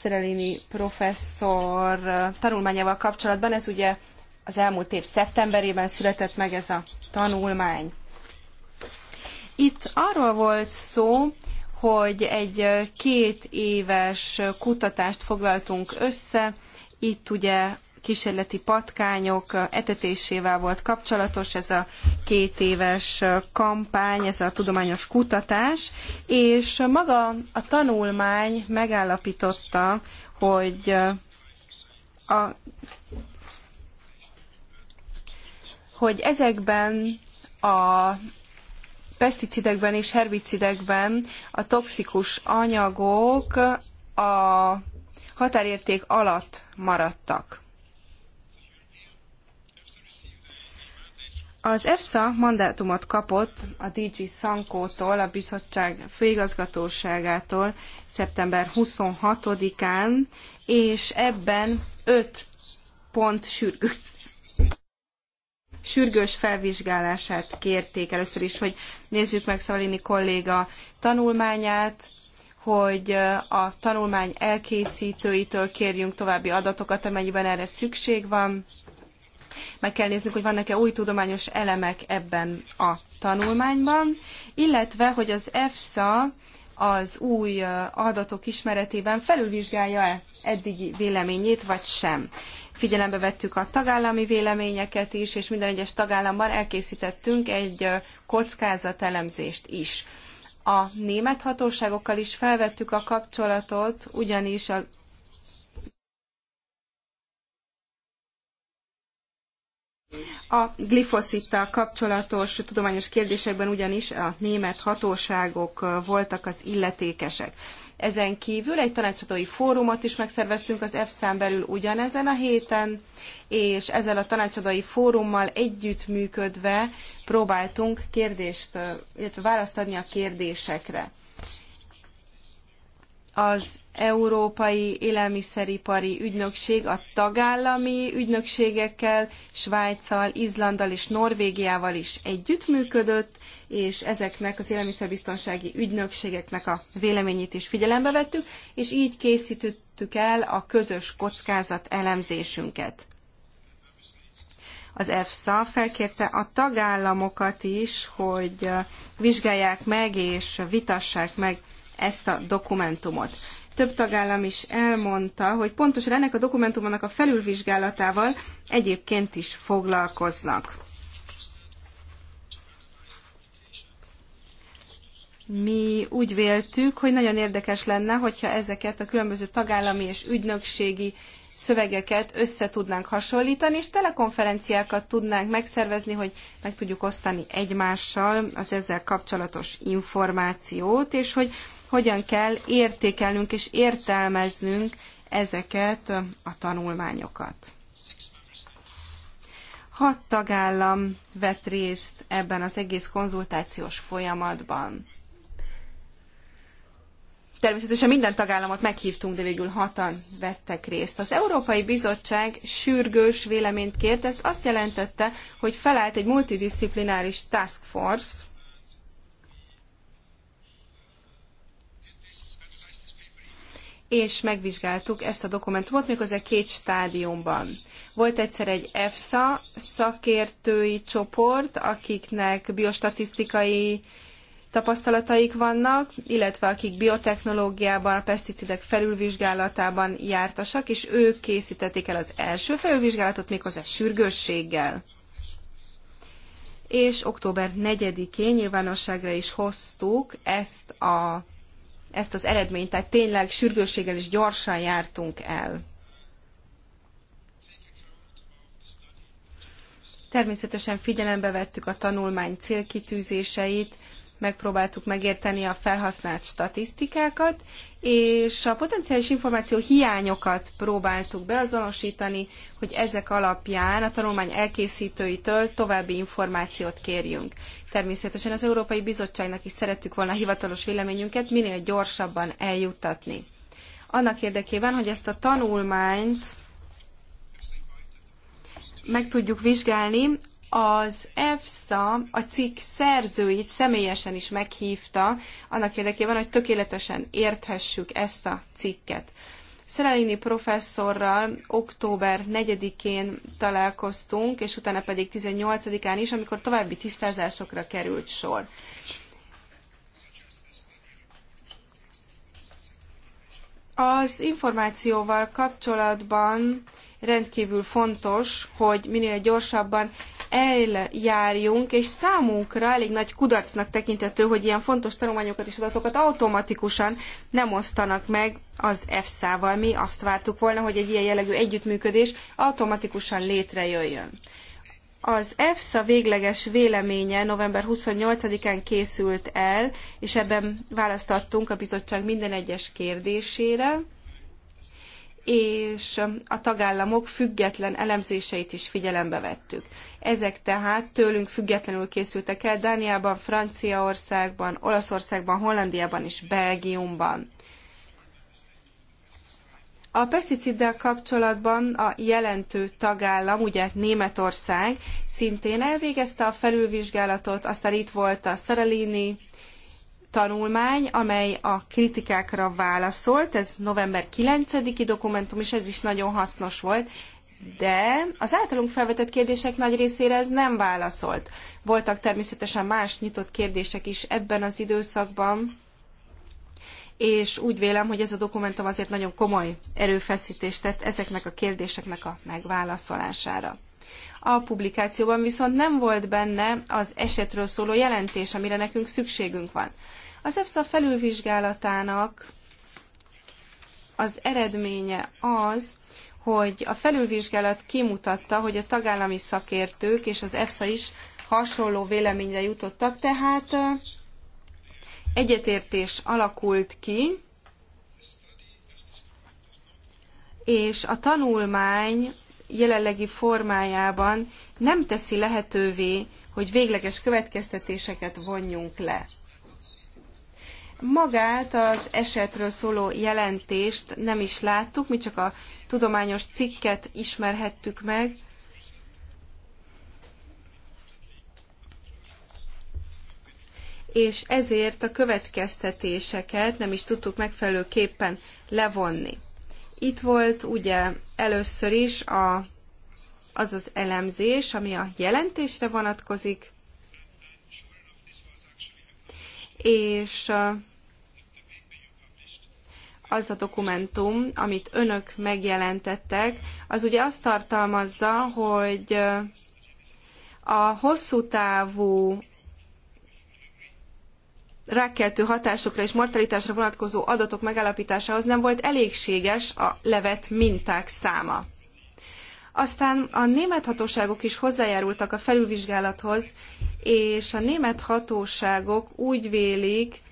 Szerelini professzor tanulmányával kapcsolatban. Ez ugye az elmúlt év szeptemberében született meg ez a tanulmány. Itt arról volt szó, hogy egy két éves kutatást foglaltunk össze, itt ugye kísérleti patkányok etetésével volt kapcsolatos ez a két éves kampány, ez a tudományos kutatás, és maga a tanulmány megállapította, hogy a hogy ezekben a peszticidekben és herbicidekben a toxikus anyagok a határérték alatt maradtak. Az EFSA mandátumot kapott a DG Sankótól, a bizottság főigazgatóságától szeptember 26-án, és ebben öt pont sürgő, sürgős felvizsgálását kérték. Először is, hogy nézzük meg Szalini kolléga tanulmányát, hogy a tanulmány elkészítőitől kérjünk további adatokat, amennyiben erre szükség van meg kell néznünk, hogy vannak-e új tudományos elemek ebben a tanulmányban, illetve, hogy az EFSA az új adatok ismeretében felülvizsgálja-e eddigi véleményét, vagy sem. Figyelembe vettük a tagállami véleményeket is, és minden egyes tagállamban elkészítettünk egy kockázatelemzést is. A német hatóságokkal is felvettük a kapcsolatot, ugyanis a A glifoszittal kapcsolatos tudományos kérdésekben ugyanis a német hatóságok voltak az illetékesek. Ezen kívül egy tanácsadói fórumot is megszerveztünk az efsz en belül ugyanezen a héten, és ezzel a tanácsadói fórummal együttműködve próbáltunk kérdést, illetve választ adni a kérdésekre az Európai Élelmiszeripari Ügynökség a tagállami ügynökségekkel, Svájccal, Izlanddal és Norvégiával is együttműködött, és ezeknek az élelmiszerbiztonsági ügynökségeknek a véleményét is figyelembe vettük, és így készítettük el a közös kockázat elemzésünket. Az EFSA felkérte a tagállamokat is, hogy vizsgálják meg és vitassák meg ezt a dokumentumot. Több tagállam is elmondta, hogy pontosan ennek a dokumentumnak a felülvizsgálatával egyébként is foglalkoznak. mi úgy véltük, hogy nagyon érdekes lenne, hogyha ezeket a különböző tagállami és ügynökségi szövegeket össze tudnánk hasonlítani, és telekonferenciákat tudnánk megszervezni, hogy meg tudjuk osztani egymással az ezzel kapcsolatos információt, és hogy hogyan kell értékelnünk és értelmeznünk ezeket a tanulmányokat. Hat tagállam vett részt ebben az egész konzultációs folyamatban. Természetesen minden tagállamot meghívtunk, de végül hatan vettek részt. Az Európai Bizottság sürgős véleményt kért, ez azt jelentette, hogy felállt egy multidisziplináris task force, és megvizsgáltuk ezt a dokumentumot méghozzá két stádiumban. Volt egyszer egy EFSA szakértői csoport, akiknek biostatisztikai tapasztalataik vannak, illetve akik biotechnológiában, a peszticidek felülvizsgálatában jártasak, és ők készítették el az első felülvizsgálatot méghozzá sürgősséggel. És október 4-én nyilvánosságra is hoztuk ezt a ezt az eredményt, tehát tényleg sürgősséggel és gyorsan jártunk el. Természetesen figyelembe vettük a tanulmány célkitűzéseit, megpróbáltuk megérteni a felhasznált statisztikákat, és a potenciális információ hiányokat próbáltuk beazonosítani, hogy ezek alapján a tanulmány elkészítőitől további információt kérjünk. Természetesen az Európai Bizottságnak is szerettük volna a hivatalos véleményünket minél gyorsabban eljuttatni. Annak érdekében, hogy ezt a tanulmányt meg tudjuk vizsgálni az EFSA a cikk szerzőit személyesen is meghívta, annak érdekében, hogy tökéletesen érthessük ezt a cikket. Szelelini professzorral október 4-én találkoztunk, és utána pedig 18-án is, amikor további tisztázásokra került sor. Az információval kapcsolatban rendkívül fontos, hogy minél gyorsabban eljárjunk, és számunkra elég nagy kudarcnak tekintető, hogy ilyen fontos tanulmányokat és adatokat automatikusan nem osztanak meg az EFSA-val. Mi azt vártuk volna, hogy egy ilyen jellegű együttműködés automatikusan létrejöjjön. Az EFSA végleges véleménye november 28-án készült el, és ebben választattunk a bizottság minden egyes kérdésére és a tagállamok független elemzéseit is figyelembe vettük. Ezek tehát tőlünk függetlenül készültek el Dániában, Franciaországban, Olaszországban, Hollandiában és Belgiumban. A peszticiddel kapcsolatban a jelentő tagállam, ugye Németország, szintén elvégezte a felülvizsgálatot, aztán itt volt a Szerelini tanulmány, amely a kritikákra válaszolt, ez november 9-i dokumentum, és ez is nagyon hasznos volt, de az általunk felvetett kérdések nagy részére ez nem válaszolt. Voltak természetesen más nyitott kérdések is ebben az időszakban, és úgy vélem, hogy ez a dokumentum azért nagyon komoly erőfeszítést tett ezeknek a kérdéseknek a megválaszolására. A publikációban viszont nem volt benne az esetről szóló jelentés, amire nekünk szükségünk van. Az EFSA felülvizsgálatának az eredménye az, hogy a felülvizsgálat kimutatta, hogy a tagállami szakértők és az EFSA is hasonló véleményre jutottak, tehát egyetértés alakult ki, és a tanulmány jelenlegi formájában nem teszi lehetővé, hogy végleges következtetéseket vonjunk le. Magát az esetről szóló jelentést nem is láttuk, mi csak a tudományos cikket ismerhettük meg. És ezért a következtetéseket nem is tudtuk megfelelőképpen levonni. Itt volt ugye először is a, az az elemzés, ami a jelentésre vonatkozik, és az a dokumentum, amit önök megjelentettek, az ugye azt tartalmazza, hogy a hosszú távú rákkeltő hatásokra és mortalitásra vonatkozó adatok megállapításához nem volt elégséges a levet minták száma. Aztán a német hatóságok is hozzájárultak a felülvizsgálathoz, és a német hatóságok úgy vélik,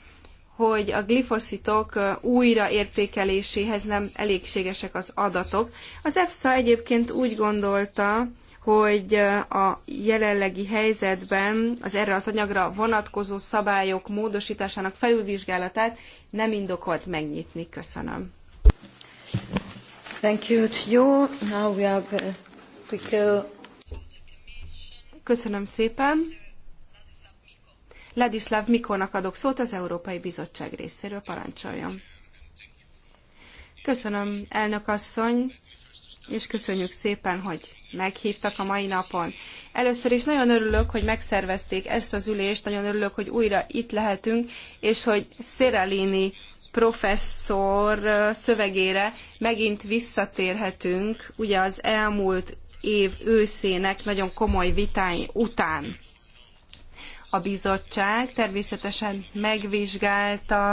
hogy a glifoszitok újraértékeléséhez nem elégségesek az adatok. Az EFSA egyébként úgy gondolta, hogy a jelenlegi helyzetben az erre az anyagra vonatkozó szabályok módosításának felülvizsgálatát nem indokolt megnyitni. Köszönöm. Thank you to you. Now we have, we uh, go. Köszönöm szépen. Ladislav Mikónak adok szót az Európai Bizottság részéről, parancsoljon. Köszönöm, elnök asszony, és köszönjük szépen, hogy meghívtak a mai napon. Először is nagyon örülök, hogy megszervezték ezt az ülést, nagyon örülök, hogy újra itt lehetünk, és hogy Szerelini professzor szövegére megint visszatérhetünk, ugye az elmúlt év őszének nagyon komoly vitái után. A bizottság természetesen megvizsgálta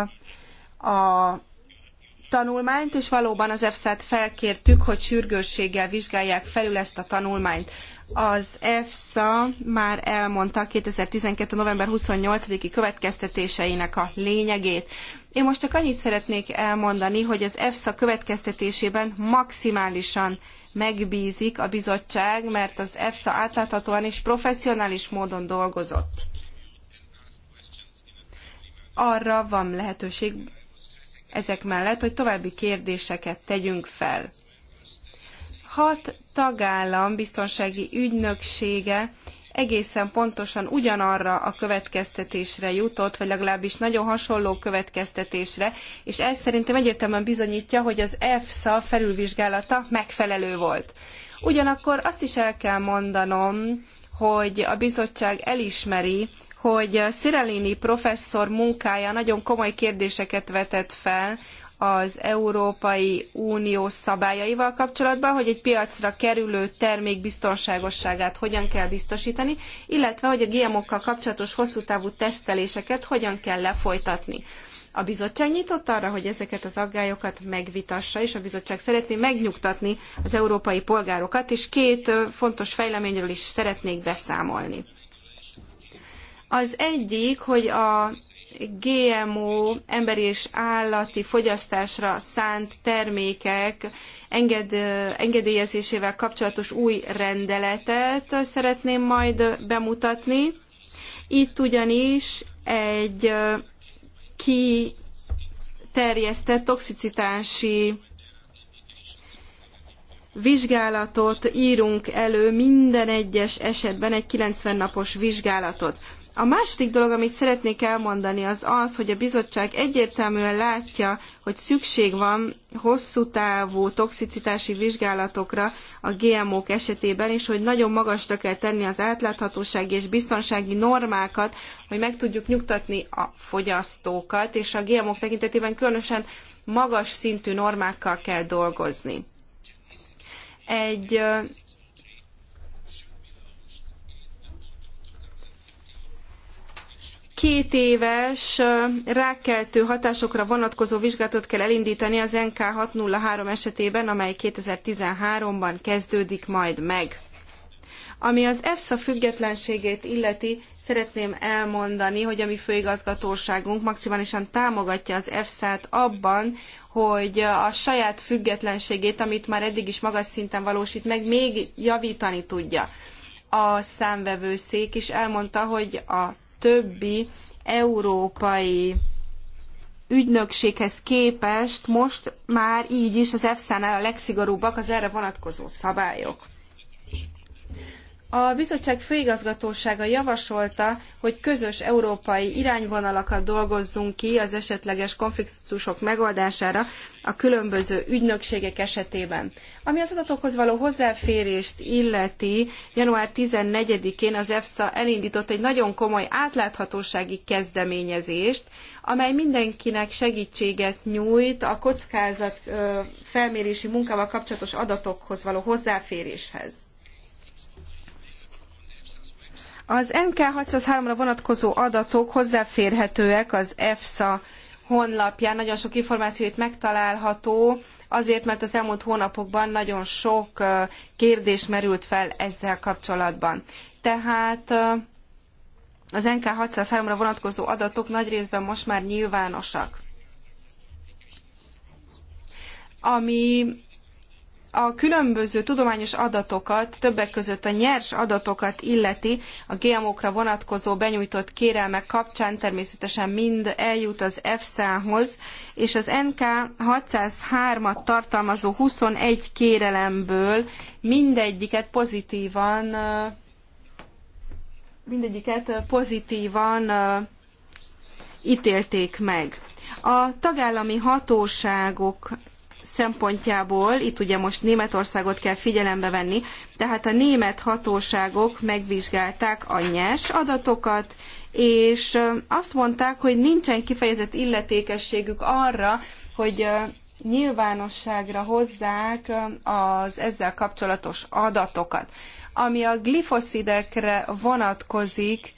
a tanulmányt, és valóban az EFSA-t felkértük, hogy sürgősséggel vizsgálják felül ezt a tanulmányt. Az EFSA már elmondta 2012. november 28-i következtetéseinek a lényegét. Én most csak annyit szeretnék elmondani, hogy az EFSA következtetésében maximálisan megbízik a bizottság, mert az EFSA átláthatóan és professzionális módon dolgozott arra van lehetőség ezek mellett, hogy további kérdéseket tegyünk fel. Hat tagállam biztonsági ügynöksége egészen pontosan ugyanarra a következtetésre jutott, vagy legalábbis nagyon hasonló következtetésre, és ez szerintem egyértelműen bizonyítja, hogy az EFSA felülvizsgálata megfelelő volt. Ugyanakkor azt is el kell mondanom, hogy a bizottság elismeri, hogy Szirelini professzor munkája nagyon komoly kérdéseket vetett fel az Európai Unió szabályaival kapcsolatban, hogy egy piacra kerülő termék biztonságosságát hogyan kell biztosítani, illetve hogy a GMO-kkal kapcsolatos hosszú távú teszteléseket hogyan kell lefolytatni. A bizottság nyitott arra, hogy ezeket az aggályokat megvitassa, és a bizottság szeretné megnyugtatni az európai polgárokat, és két fontos fejleményről is szeretnék beszámolni. Az egyik, hogy a GMO emberi és állati fogyasztásra szánt termékek enged, engedélyezésével kapcsolatos új rendeletet szeretném majd bemutatni. Itt ugyanis egy kiterjesztett toxicitási vizsgálatot írunk elő, minden egyes esetben egy 90 napos vizsgálatot. A második dolog, amit szeretnék elmondani, az az, hogy a bizottság egyértelműen látja, hogy szükség van hosszú távú toxicitási vizsgálatokra a GMO-k esetében, és hogy nagyon magasra kell tenni az átláthatósági és biztonsági normákat, hogy meg tudjuk nyugtatni a fogyasztókat, és a GMO-k tekintetében különösen magas szintű normákkal kell dolgozni. Egy két éves rákkeltő hatásokra vonatkozó vizsgálatot kell elindítani az NK603 esetében, amely 2013-ban kezdődik majd meg. Ami az EFSA függetlenségét illeti, szeretném elmondani, hogy a mi főigazgatóságunk maximálisan támogatja az EFSA-t abban, hogy a saját függetlenségét, amit már eddig is magas szinten valósít meg, még javítani tudja. A számvevőszék is elmondta, hogy a többi európai ügynökséghez képest most már így is az EFSA-nál a legszigorúbbak az erre vonatkozó szabályok. A bizottság főigazgatósága javasolta, hogy közös európai irányvonalakat dolgozzunk ki az esetleges konfliktusok megoldására a különböző ügynökségek esetében. Ami az adatokhoz való hozzáférést illeti, január 14-én az EFSA elindított egy nagyon komoly átláthatósági kezdeményezést, amely mindenkinek segítséget nyújt a kockázat felmérési munkával kapcsolatos adatokhoz való hozzáféréshez. Az MK 603-ra vonatkozó adatok hozzáférhetőek az EFSA honlapján, nagyon sok információ itt megtalálható, azért, mert az elmúlt hónapokban nagyon sok kérdés merült fel ezzel kapcsolatban. Tehát az NK 603-ra vonatkozó adatok nagy részben most már nyilvánosak. Ami a különböző tudományos adatokat, többek között a nyers adatokat illeti, a GMO-kra vonatkozó benyújtott kérelmek kapcsán természetesen mind eljut az EFSA-hoz, és az NK 603-at tartalmazó 21 kérelemből mindegyiket pozitívan mindegyiket pozitívan ítélték meg. A tagállami hatóságok szempontjából, itt ugye most Németországot kell figyelembe venni, tehát a német hatóságok megvizsgálták a nyers adatokat, és azt mondták, hogy nincsen kifejezett illetékességük arra, hogy nyilvánosságra hozzák az ezzel kapcsolatos adatokat. Ami a glifoszidekre vonatkozik,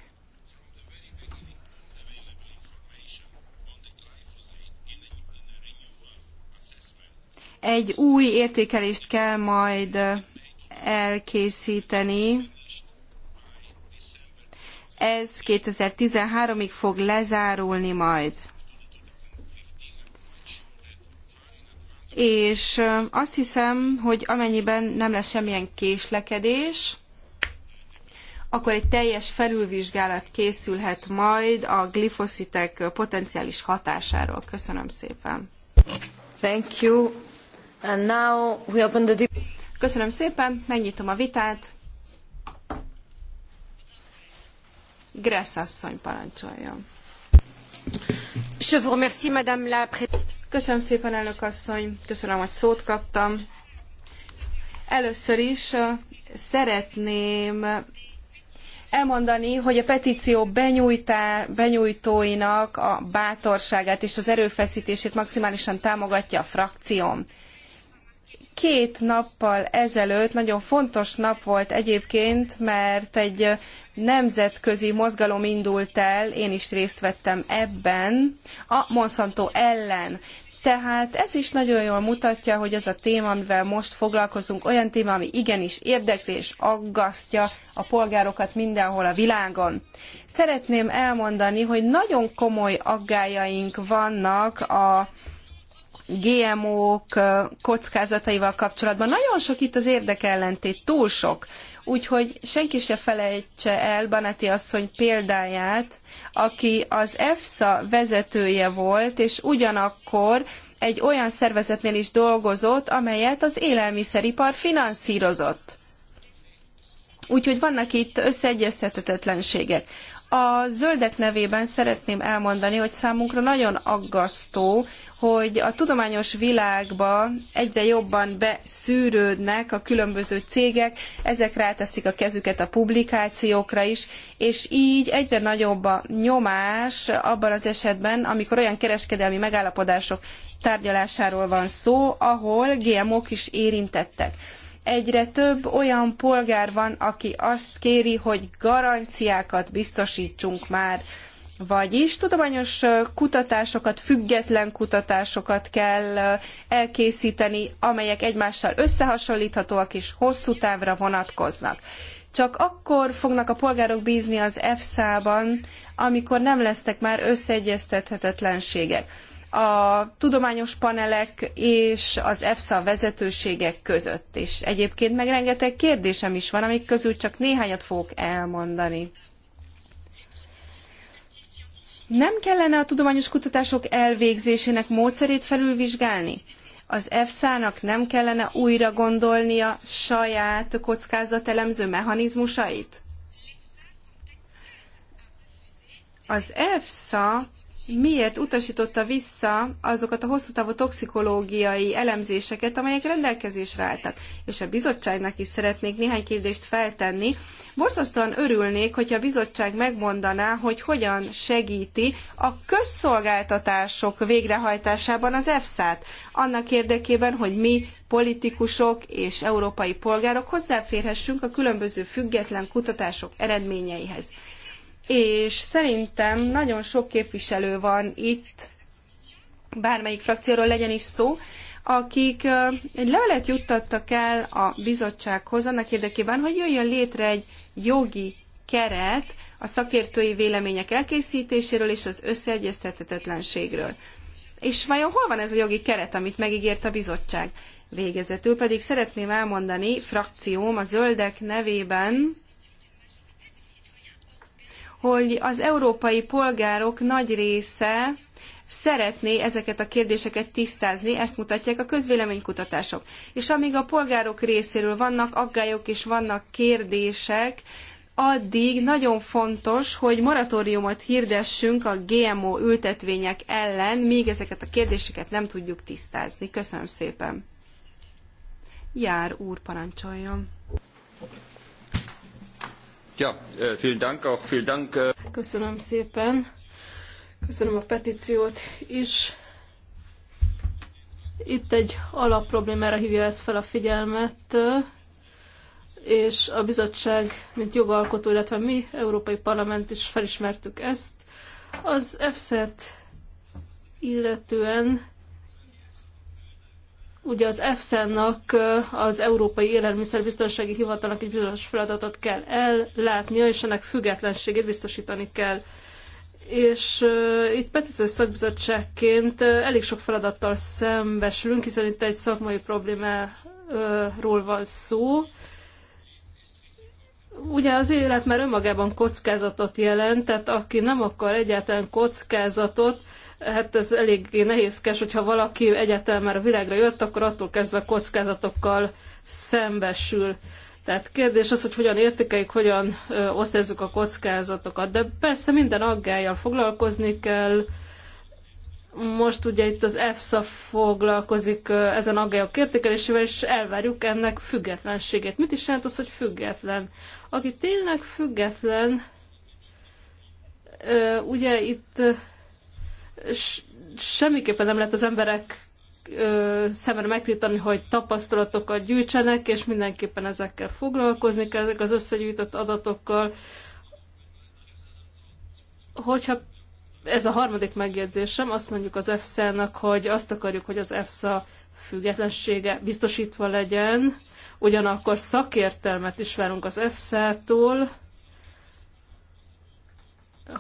Egy új értékelést kell majd elkészíteni. Ez 2013-ig fog lezárulni majd. És azt hiszem, hogy amennyiben nem lesz semmilyen késlekedés, akkor egy teljes felülvizsgálat készülhet majd a glifoszitek potenciális hatásáról. Köszönöm szépen. Thank you. And now we open the Köszönöm szépen, megnyitom a vitát. Gressz asszony parancsoljon. Je vous remercie, Madame la Köszönöm szépen, elnök asszony, köszönöm, hogy szót kaptam. Először is szeretném elmondani, hogy a petíció benyújtá, benyújtóinak a bátorságát és az erőfeszítését maximálisan támogatja a frakcióm. Két nappal ezelőtt nagyon fontos nap volt egyébként, mert egy nemzetközi mozgalom indult el, én is részt vettem ebben, a Monsanto ellen. Tehát ez is nagyon jól mutatja, hogy az a téma, amivel most foglalkozunk, olyan téma, ami igenis érdekli és aggasztja a polgárokat mindenhol a világon. Szeretném elmondani, hogy nagyon komoly aggályaink vannak a GMO-k kockázataival kapcsolatban. Nagyon sok itt az érdekellentét, túl sok. Úgyhogy senki se felejtse el Banati asszony példáját, aki az EFSA vezetője volt, és ugyanakkor egy olyan szervezetnél is dolgozott, amelyet az élelmiszeripar finanszírozott. Úgyhogy vannak itt összeegyeztethetetlenségek. A zöldek nevében szeretném elmondani, hogy számunkra nagyon aggasztó, hogy a tudományos világba egyre jobban beszűrődnek a különböző cégek, ezek ráteszik a kezüket a publikációkra is, és így egyre nagyobb a nyomás abban az esetben, amikor olyan kereskedelmi megállapodások tárgyalásáról van szó, ahol GMO-k is érintettek egyre több olyan polgár van, aki azt kéri, hogy garanciákat biztosítsunk már. Vagyis tudományos kutatásokat, független kutatásokat kell elkészíteni, amelyek egymással összehasonlíthatóak és hosszú távra vonatkoznak. Csak akkor fognak a polgárok bízni az EFSA-ban, amikor nem lesznek már összeegyeztethetetlenségek a tudományos panelek és az EFSA vezetőségek között. És egyébként meg rengeteg kérdésem is van, amik közül csak néhányat fogok elmondani. Nem kellene a tudományos kutatások elvégzésének módszerét felülvizsgálni? Az EFSA-nak nem kellene újra gondolnia saját kockázatelemző mechanizmusait? Az EFSA miért utasította vissza azokat a hosszú távú toxikológiai elemzéseket, amelyek rendelkezésre álltak. És a bizottságnak is szeretnék néhány kérdést feltenni. Borzasztóan örülnék, hogyha a bizottság megmondaná, hogy hogyan segíti a közszolgáltatások végrehajtásában az EFSA-t. Annak érdekében, hogy mi politikusok és európai polgárok hozzáférhessünk a különböző független kutatások eredményeihez és szerintem nagyon sok képviselő van itt, bármelyik frakcióról legyen is szó, akik egy levelet juttattak el a bizottsághoz annak érdekében, hogy jöjjön létre egy jogi keret a szakértői vélemények elkészítéséről és az összeegyeztethetetlenségről. És vajon hol van ez a jogi keret, amit megígért a bizottság? Végezetül pedig szeretném elmondani frakcióm a zöldek nevében, hogy az európai polgárok nagy része szeretné ezeket a kérdéseket tisztázni, ezt mutatják a közvéleménykutatások. És amíg a polgárok részéről vannak aggályok és vannak kérdések, addig nagyon fontos, hogy moratóriumot hirdessünk a GMO ültetvények ellen, míg ezeket a kérdéseket nem tudjuk tisztázni. Köszönöm szépen. Jár úr, parancsoljon. Ja, äh, vielen Dank, auch vielen Dank. Äh. Köszönöm szépen. Köszönöm a petíciót is. Itt egy alapproblémára hívja ez fel a figyelmet, és a bizottság, mint jogalkotó, illetve mi, Európai Parlament is felismertük ezt. Az efsz illetően Ugye az EFSA-nak, az Európai Élelmiszerbiztonsági Hivatalnak egy bizonyos feladatot kell ellátnia, és ennek függetlenségét biztosítani kell. És uh, itt petíciós szakbizottságként uh, elég sok feladattal szembesülünk, hiszen itt egy szakmai problémáról van szó. Ugye az élet már önmagában kockázatot jelent, tehát aki nem akar egyáltalán kockázatot, uh, hát ez eléggé nehézkes, hogyha valaki egyáltalán már a világra jött, akkor attól kezdve kockázatokkal szembesül. Tehát kérdés az, hogy hogyan értékeljük, hogyan osztázzuk a kockázatokat. De persze minden aggájjal foglalkozni kell. Most ugye itt az EFSA foglalkozik ezen aggályok értékelésével, és elvárjuk ennek függetlenségét. Mit is jelent az, hogy független? Aki tényleg független, ugye itt semmiképpen nem lehet az emberek szemre megtiltani, hogy tapasztalatokat gyűjtsenek, és mindenképpen ezekkel foglalkozni kell, ezek az összegyűjtött adatokkal. Hogyha ez a harmadik megjegyzésem, azt mondjuk az EFSA-nak, hogy azt akarjuk, hogy az EFSA függetlensége biztosítva legyen, ugyanakkor szakértelmet is várunk az EFSA-tól,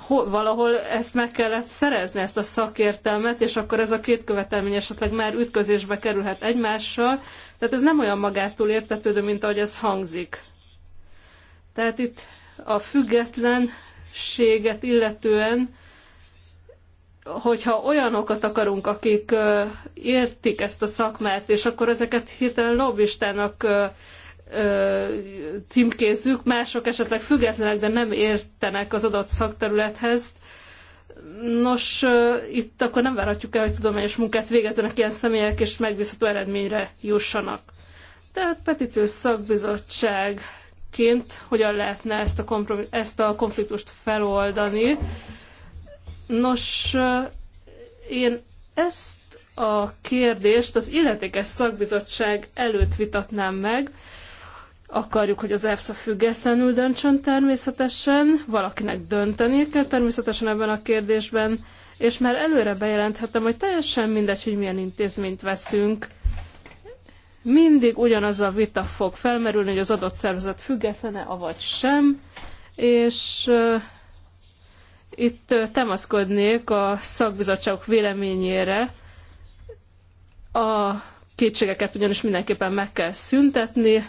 valahol ezt meg kellett szerezni, ezt a szakértelmet, és akkor ez a két követelmény esetleg már ütközésbe kerülhet egymással. Tehát ez nem olyan magától értetődő, mint ahogy ez hangzik. Tehát itt a függetlenséget illetően, hogyha olyanokat akarunk, akik értik ezt a szakmát, és akkor ezeket hirtelen lobbistának ö, címkézzük, mások esetleg függetlenek, de nem értenek az adott szakterülethez. Nos, ö, itt akkor nem várhatjuk el, hogy tudományos munkát végezzenek ilyen személyek, és megbízható eredményre jussanak. Tehát petíciós szakbizottságként hogyan lehetne ezt a, ezt a konfliktust feloldani? Nos, ö, én ezt a kérdést az illetékes szakbizottság előtt vitatnám meg, akarjuk, hogy az EFSA függetlenül döntsön természetesen, valakinek döntenie kell természetesen ebben a kérdésben, és már előre bejelenthetem, hogy teljesen mindegy, hogy milyen intézményt veszünk, mindig ugyanaz a vita fog felmerülni, hogy az adott szervezet függetlene, avagy sem, és uh, itt uh, támaszkodnék a szakbizottságok véleményére. A kétségeket ugyanis mindenképpen meg kell szüntetni,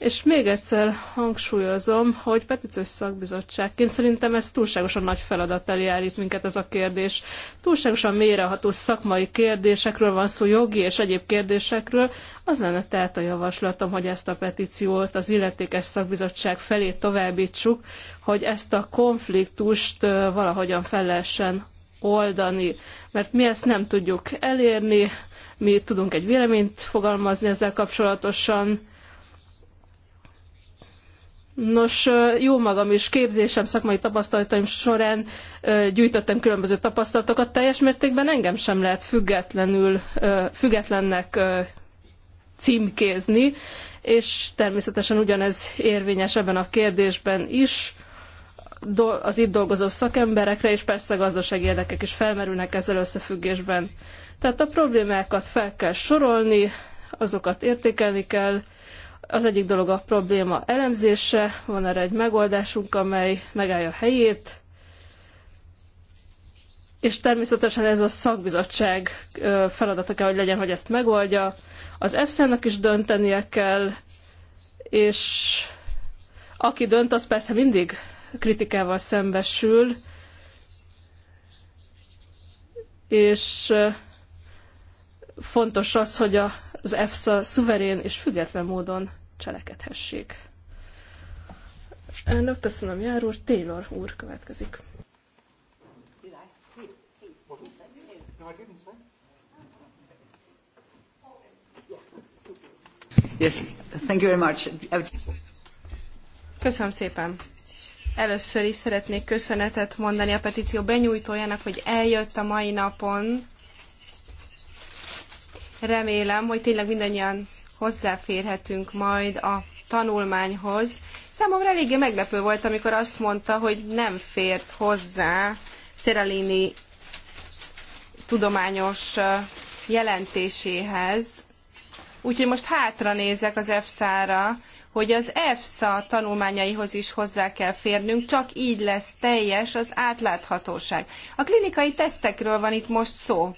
és még egyszer hangsúlyozom, hogy petíciós szakbizottságként szerintem ez túlságosan nagy feladat elé állít minket ez a kérdés. Túlságosan mélyreható szakmai kérdésekről van szó, jogi és egyéb kérdésekről. Az lenne tehát a javaslatom, hogy ezt a petíciót az illetékes szakbizottság felé továbbítsuk, hogy ezt a konfliktust valahogyan fel lehessen oldani, mert mi ezt nem tudjuk elérni, mi tudunk egy véleményt fogalmazni ezzel kapcsolatosan, Nos, jó magam is képzésem, szakmai tapasztalataim során gyűjtöttem különböző tapasztalatokat, teljes mértékben engem sem lehet függetlenül, függetlennek címkézni, és természetesen ugyanez érvényes ebben a kérdésben is az itt dolgozó szakemberekre, és persze gazdasági érdekek is felmerülnek ezzel összefüggésben. Tehát a problémákat fel kell sorolni, azokat értékelni kell, az egyik dolog a probléma elemzése, van erre egy megoldásunk, amely megállja a helyét, és természetesen ez a szakbizottság feladata kell, hogy legyen, hogy ezt megoldja. Az efsz nak is döntenie kell, és aki dönt, az persze mindig kritikával szembesül, és fontos az, hogy a az EFSA szuverén és független módon cselekedhessék. Elnök, köszönöm, Jár úr. Taylor úr következik. Yes, thank you very much. Köszönöm szépen. Először is szeretnék köszönetet mondani a petíció benyújtójának, hogy eljött a mai napon Remélem, hogy tényleg mindannyian hozzáférhetünk majd a tanulmányhoz. Számomra eléggé meglepő volt, amikor azt mondta, hogy nem fért hozzá Szerelini tudományos jelentéséhez. Úgyhogy most hátra nézek az EFSA-ra, hogy az EFSA tanulmányaihoz is hozzá kell férnünk, csak így lesz teljes az átláthatóság. A klinikai tesztekről van itt most szó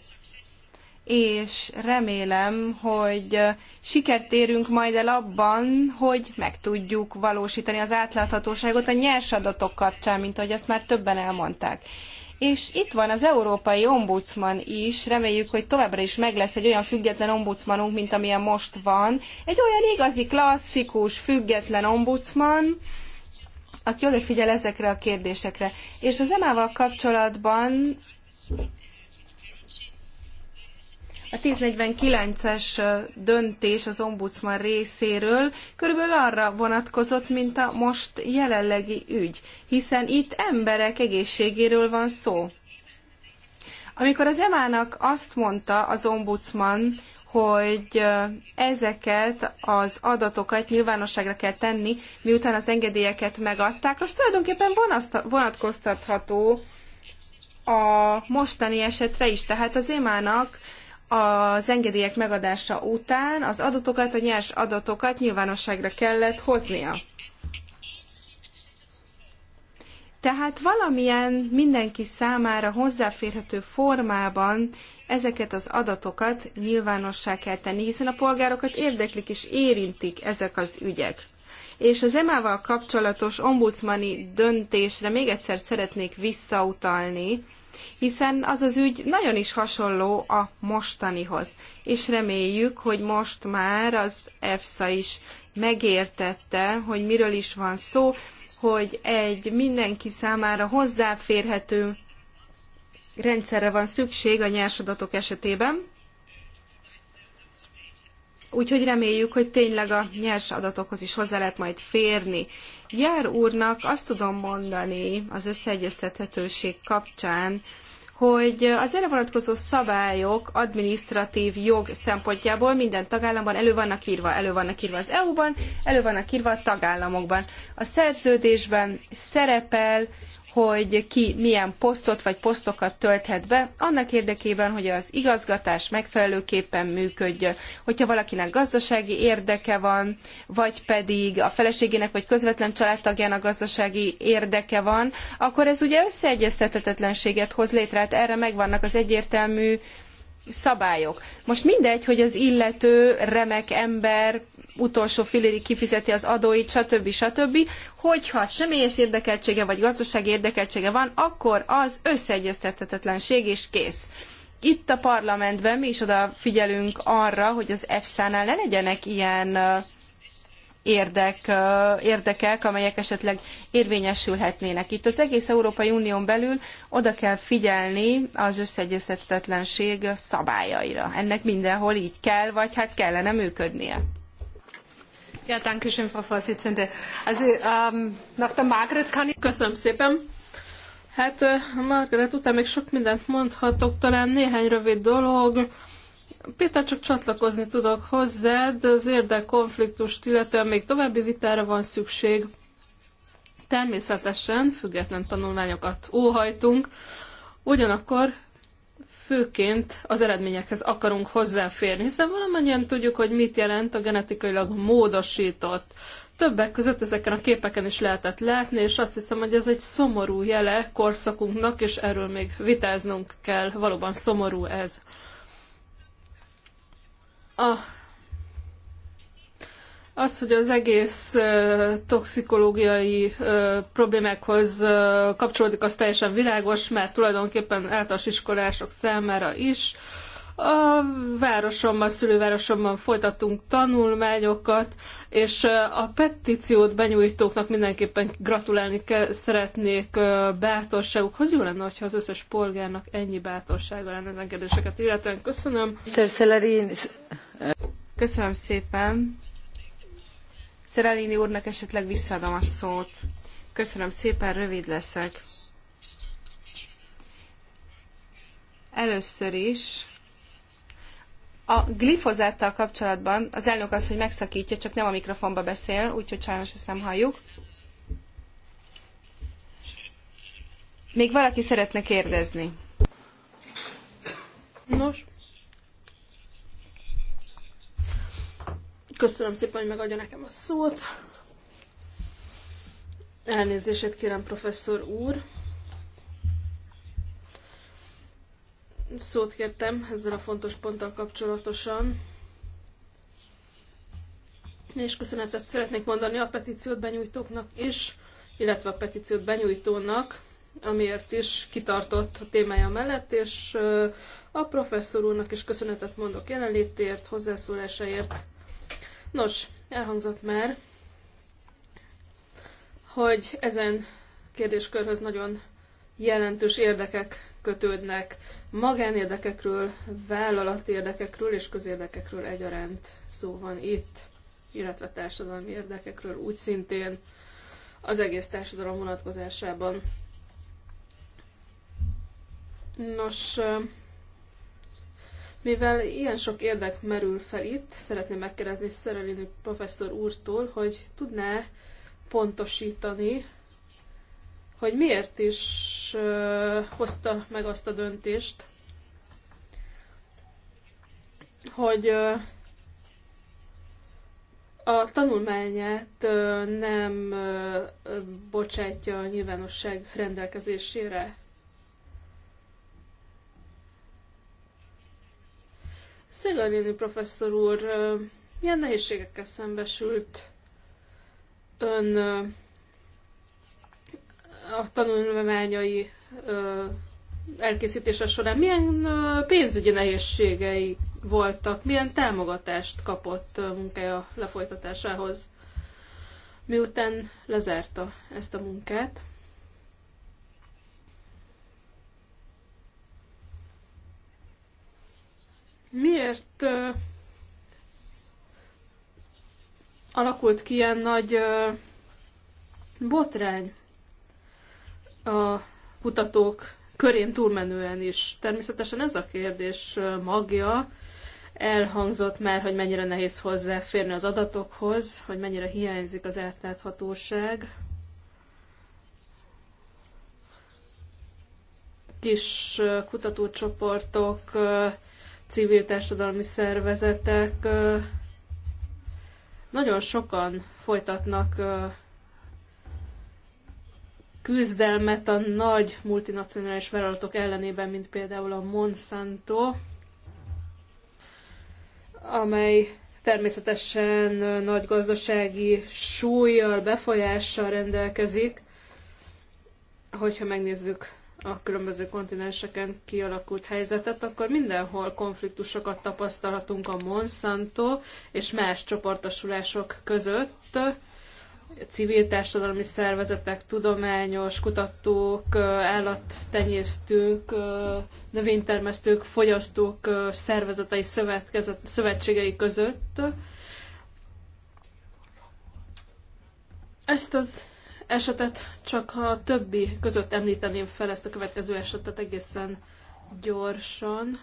és remélem, hogy sikert érünk majd el abban, hogy meg tudjuk valósítani az átláthatóságot a nyers adatok kapcsán, mint ahogy ezt már többen elmondták. És itt van az Európai Ombudsman is, reméljük, hogy továbbra is meg lesz egy olyan független ombudsmanunk, mint amilyen most van. Egy olyan igazi, klasszikus, független ombudsman, aki odafigyel ezekre a kérdésekre. És az emával kapcsolatban a 1049-es döntés az ombudsman részéről körülbelül arra vonatkozott, mint a most jelenlegi ügy, hiszen itt emberek egészségéről van szó. Amikor az EMA-nak azt mondta az ombudsman, hogy ezeket az adatokat nyilvánosságra kell tenni, miután az engedélyeket megadták, az tulajdonképpen vonatkoztatható a mostani esetre is. Tehát az imának az engedélyek megadása után az adatokat, a nyers adatokat nyilvánosságra kellett hoznia. Tehát valamilyen mindenki számára hozzáférhető formában ezeket az adatokat nyilvánossá kell tenni, hiszen a polgárokat érdeklik és érintik ezek az ügyek. És az EMA-val kapcsolatos ombudsmani döntésre még egyszer szeretnék visszautalni, hiszen az az ügy nagyon is hasonló a mostanihoz. És reméljük, hogy most már az EFSA is megértette, hogy miről is van szó, hogy egy mindenki számára hozzáférhető rendszerre van szükség a nyersadatok esetében, Úgyhogy reméljük, hogy tényleg a nyers adatokhoz is hozzá lehet majd férni. Jár úrnak azt tudom mondani az összeegyeztethetőség kapcsán, hogy az erre vonatkozó szabályok adminisztratív jog szempontjából minden tagállamban elő vannak írva. Elő vannak írva az EU-ban, elő vannak írva a tagállamokban. A szerződésben szerepel hogy ki milyen posztot vagy posztokat tölthet be, annak érdekében, hogy az igazgatás megfelelőképpen működjön. Hogyha valakinek gazdasági érdeke van, vagy pedig a feleségének vagy közvetlen családtagjának gazdasági érdeke van, akkor ez ugye összeegyeztethetetlenséget hoz létre, hát erre megvannak az egyértelmű szabályok. Most mindegy, hogy az illető remek ember, utolsó fillérig kifizeti az adóit, stb. stb. Hogyha személyes érdekeltsége vagy gazdasági érdekeltsége van, akkor az összeegyeztethetetlenség és kész. Itt a parlamentben mi is odafigyelünk arra, hogy az EFSA-nál ne legyenek ilyen érdek, érdekek, amelyek esetleg érvényesülhetnének. Itt az egész Európai Unión belül oda kell figyelni az összeegyeztetetlenség szabályaira. Ennek mindenhol így kell, vagy hát kellene működnie. Ja, danke schön, Frau Vorsitzende. Also, um, nach der Margaret kann ich... Köszönöm szépen. Hát, Margaret után még sok mindent mondhatok, talán néhány rövid dolog. Péter, csak csatlakozni tudok hozzád, az érdekkonfliktust illetően még további vitára van szükség. Természetesen független tanulmányokat óhajtunk, ugyanakkor főként az eredményekhez akarunk hozzáférni, hiszen valamennyien tudjuk, hogy mit jelent a genetikailag módosított. Többek között ezeken a képeken is lehetett látni, és azt hiszem, hogy ez egy szomorú jele korszakunknak, és erről még vitáznunk kell, valóban szomorú ez. A az, hogy az egész toxikológiai problémákhoz kapcsolódik, az teljesen világos, mert tulajdonképpen általános iskolások számára is. A városomban, a szülővárosomban folytattunk tanulmányokat, és a petíciót benyújtóknak mindenképpen gratulálni kell, szeretnék bátorságukhoz. Jó lenne, ha az összes polgárnak ennyi bátorsága lenne ezen kérdéseket illetően. Köszönöm. Köszönöm szépen. Szerelini úrnak esetleg visszaadom a szót. Köszönöm szépen, rövid leszek. Először is a glifozáttal kapcsolatban az elnök az, hogy megszakítja, csak nem a mikrofonba beszél, úgyhogy sajnos ezt nem halljuk. Még valaki szeretne kérdezni. Nos, Köszönöm szépen, hogy megadja nekem a szót. Elnézését kérem, professzor úr. Szót kértem ezzel a fontos ponttal kapcsolatosan. És köszönetet szeretnék mondani a petíciót benyújtóknak is, illetve a petíciót benyújtónak, amiért is kitartott a témája mellett, és a professzor úrnak is köszönetet mondok jelenlétért, hozzászólásáért. Nos, elhangzott már, hogy ezen kérdéskörhöz nagyon jelentős érdekek kötődnek. Magánérdekekről, érdekekről és közérdekekről egyaránt szó van itt, illetve társadalmi érdekekről úgy szintén az egész társadalom vonatkozásában. Nos, mivel ilyen sok érdek merül fel itt, szeretném megkérdezni Szerelini professzor úrtól, hogy tudná pontosítani, hogy miért is hozta meg azt a döntést, hogy a tanulmányát nem bocsátja a nyilvánosság rendelkezésére. Szegalini professzor úr, milyen nehézségekkel szembesült ön a tanulmányai elkészítése során? Milyen pénzügyi nehézségei voltak? Milyen támogatást kapott munkája lefolytatásához? Miután lezárta ezt a munkát, Miért alakult ki ilyen nagy botrány a kutatók körén túlmenően is. Természetesen ez a kérdés magja elhangzott már, hogy mennyire nehéz hozzáférni az adatokhoz, hogy mennyire hiányzik az átláthatóság. Kis kutatócsoportok civil társadalmi szervezetek nagyon sokan folytatnak küzdelmet a nagy multinacionális vállalatok ellenében, mint például a Monsanto, amely természetesen nagy gazdasági súlyjal, befolyással rendelkezik. Hogyha megnézzük a különböző kontinenseken kialakult helyzetet, akkor mindenhol konfliktusokat tapasztalhatunk a Monsanto és más csoportosulások között, civil társadalmi szervezetek, tudományos kutatók, állattenyésztők, növénytermesztők, fogyasztók szervezetei szövetségei között. Ezt az esetet, csak a többi között említeném fel ezt a következő esetet egészen gyorsan.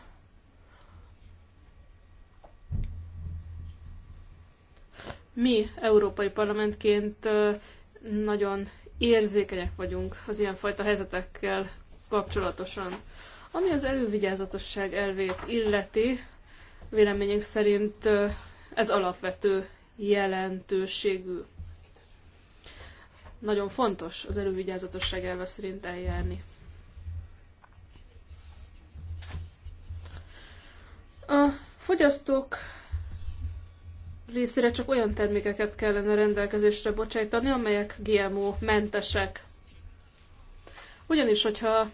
Mi európai parlamentként nagyon érzékenyek vagyunk az ilyenfajta helyzetekkel kapcsolatosan. Ami az elővigyázatosság elvét illeti, véleményünk szerint ez alapvető jelentőségű nagyon fontos az elővigyázatosság elve szerint eljárni. A fogyasztók részére csak olyan termékeket kellene rendelkezésre bocsájtani, amelyek GMO-mentesek. Ugyanis, hogyha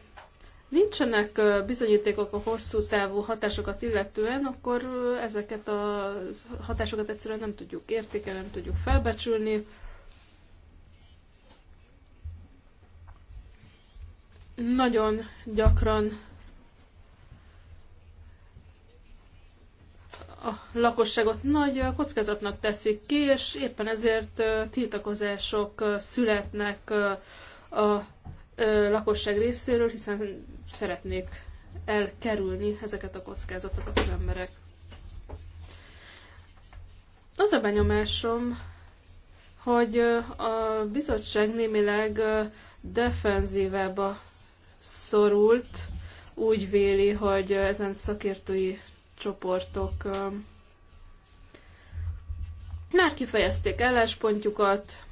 nincsenek bizonyítékok a hosszú távú hatásokat illetően, akkor ezeket a hatásokat egyszerűen nem tudjuk értékelni, nem tudjuk felbecsülni, Nagyon gyakran a lakosságot nagy kockázatnak teszik ki, és éppen ezért tiltakozások születnek a lakosság részéről, hiszen szeretnék elkerülni ezeket a kockázatokat az emberek. Az a benyomásom, hogy a bizottság némileg defenzívebb a szorult, úgy véli, hogy ezen szakértői csoportok már kifejezték álláspontjukat,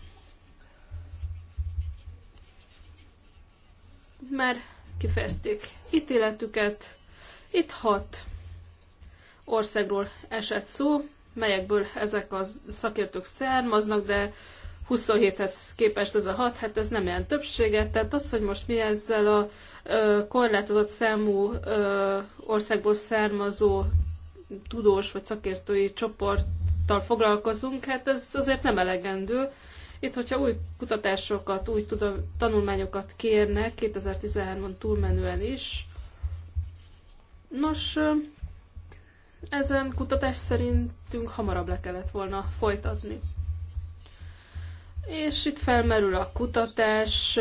már kifejezték ítéletüket. Itt hat országról esett szó, melyekből ezek a szakértők származnak, de 27-hez képest ez a 6, hát ez nem ilyen többséget, tehát az, hogy most mi ezzel a korlátozott számú országból származó tudós vagy szakértői csoporttal foglalkozunk, hát ez azért nem elegendő. Itt, hogyha új kutatásokat, új tudom, tanulmányokat kérnek 2013-on túlmenően is, nos, ezen kutatás szerintünk hamarabb le kellett volna folytatni. És itt felmerül a kutatás,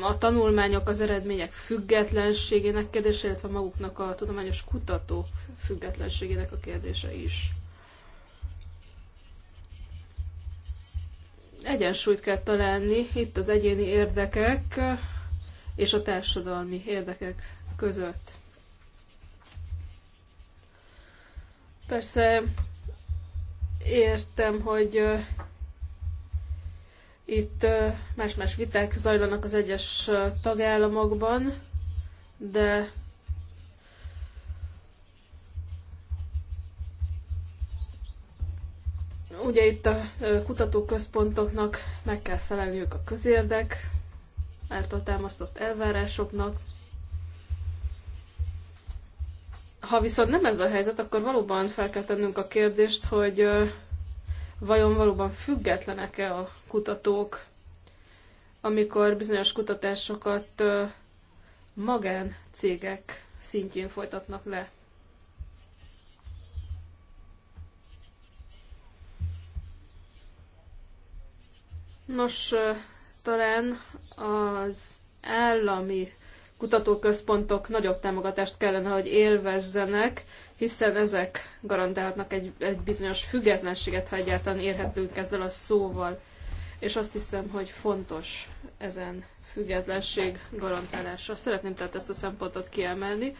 a tanulmányok, az eredmények függetlenségének kérdése, illetve maguknak a tudományos kutatók függetlenségének a kérdése is. Egyensúlyt kell találni itt az egyéni érdekek és a társadalmi érdekek között. Persze értem, hogy itt más-más viták zajlanak az egyes tagállamokban, de ugye itt a kutatóközpontoknak meg kell felelniük a közérdek által támasztott elvárásoknak. Ha viszont nem ez a helyzet, akkor valóban fel kell tennünk a kérdést, hogy vajon valóban függetlenek-e a kutatók, amikor bizonyos kutatásokat cégek szintjén folytatnak le. Nos, talán az állami kutatóközpontok nagyobb támogatást kellene, hogy élvezzenek, hiszen ezek garantálhatnak egy, egy bizonyos függetlenséget, ha egyáltalán érhetünk ezzel a szóval és azt hiszem, hogy fontos ezen függetlenség garantálása. Szeretném tehát ezt a szempontot kiemelni.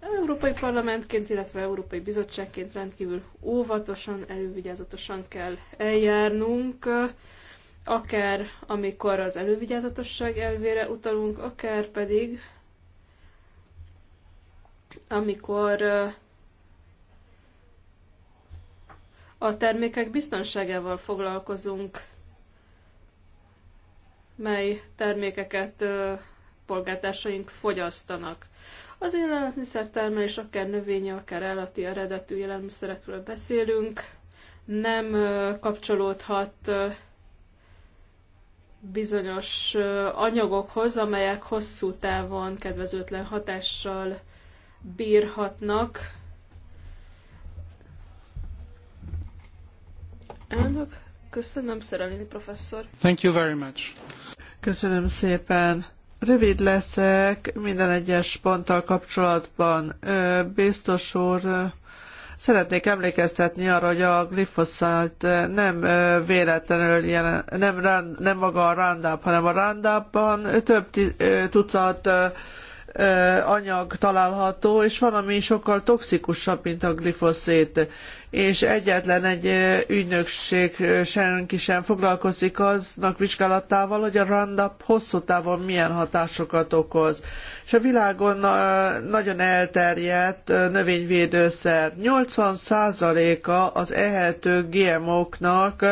Európai Parlamentként, illetve Európai Bizottságként rendkívül óvatosan, elővigyázatosan kell eljárnunk, akár amikor az elővigyázatosság elvére utalunk, akár pedig amikor a termékek biztonságával foglalkozunk mely termékeket polgártársaink fogyasztanak. Az termelés, akár növényi, akár állati eredetű élelmiszerekről beszélünk, nem kapcsolódhat bizonyos anyagokhoz, amelyek hosszú távon kedvezőtlen hatással bírhatnak. Elnök, köszönöm, Szerelini professzor. Thank you very much. Köszönöm szépen. Rövid leszek minden egyes ponttal kapcsolatban. Biztos úr, szeretnék emlékeztetni arra, hogy a glifoszát nem véletlenül jelen, nem, nem maga a Roundup, hanem a Roundupban több tucat anyag található, és van, ami sokkal toxikusabb, mint a glifoszét. És egyetlen egy ügynökség senki sem foglalkozik aznak vizsgálatával, hogy a Roundup hosszú távon milyen hatásokat okoz. És a világon nagyon elterjedt növényvédőszer. 80%-a az ehető GMO-knak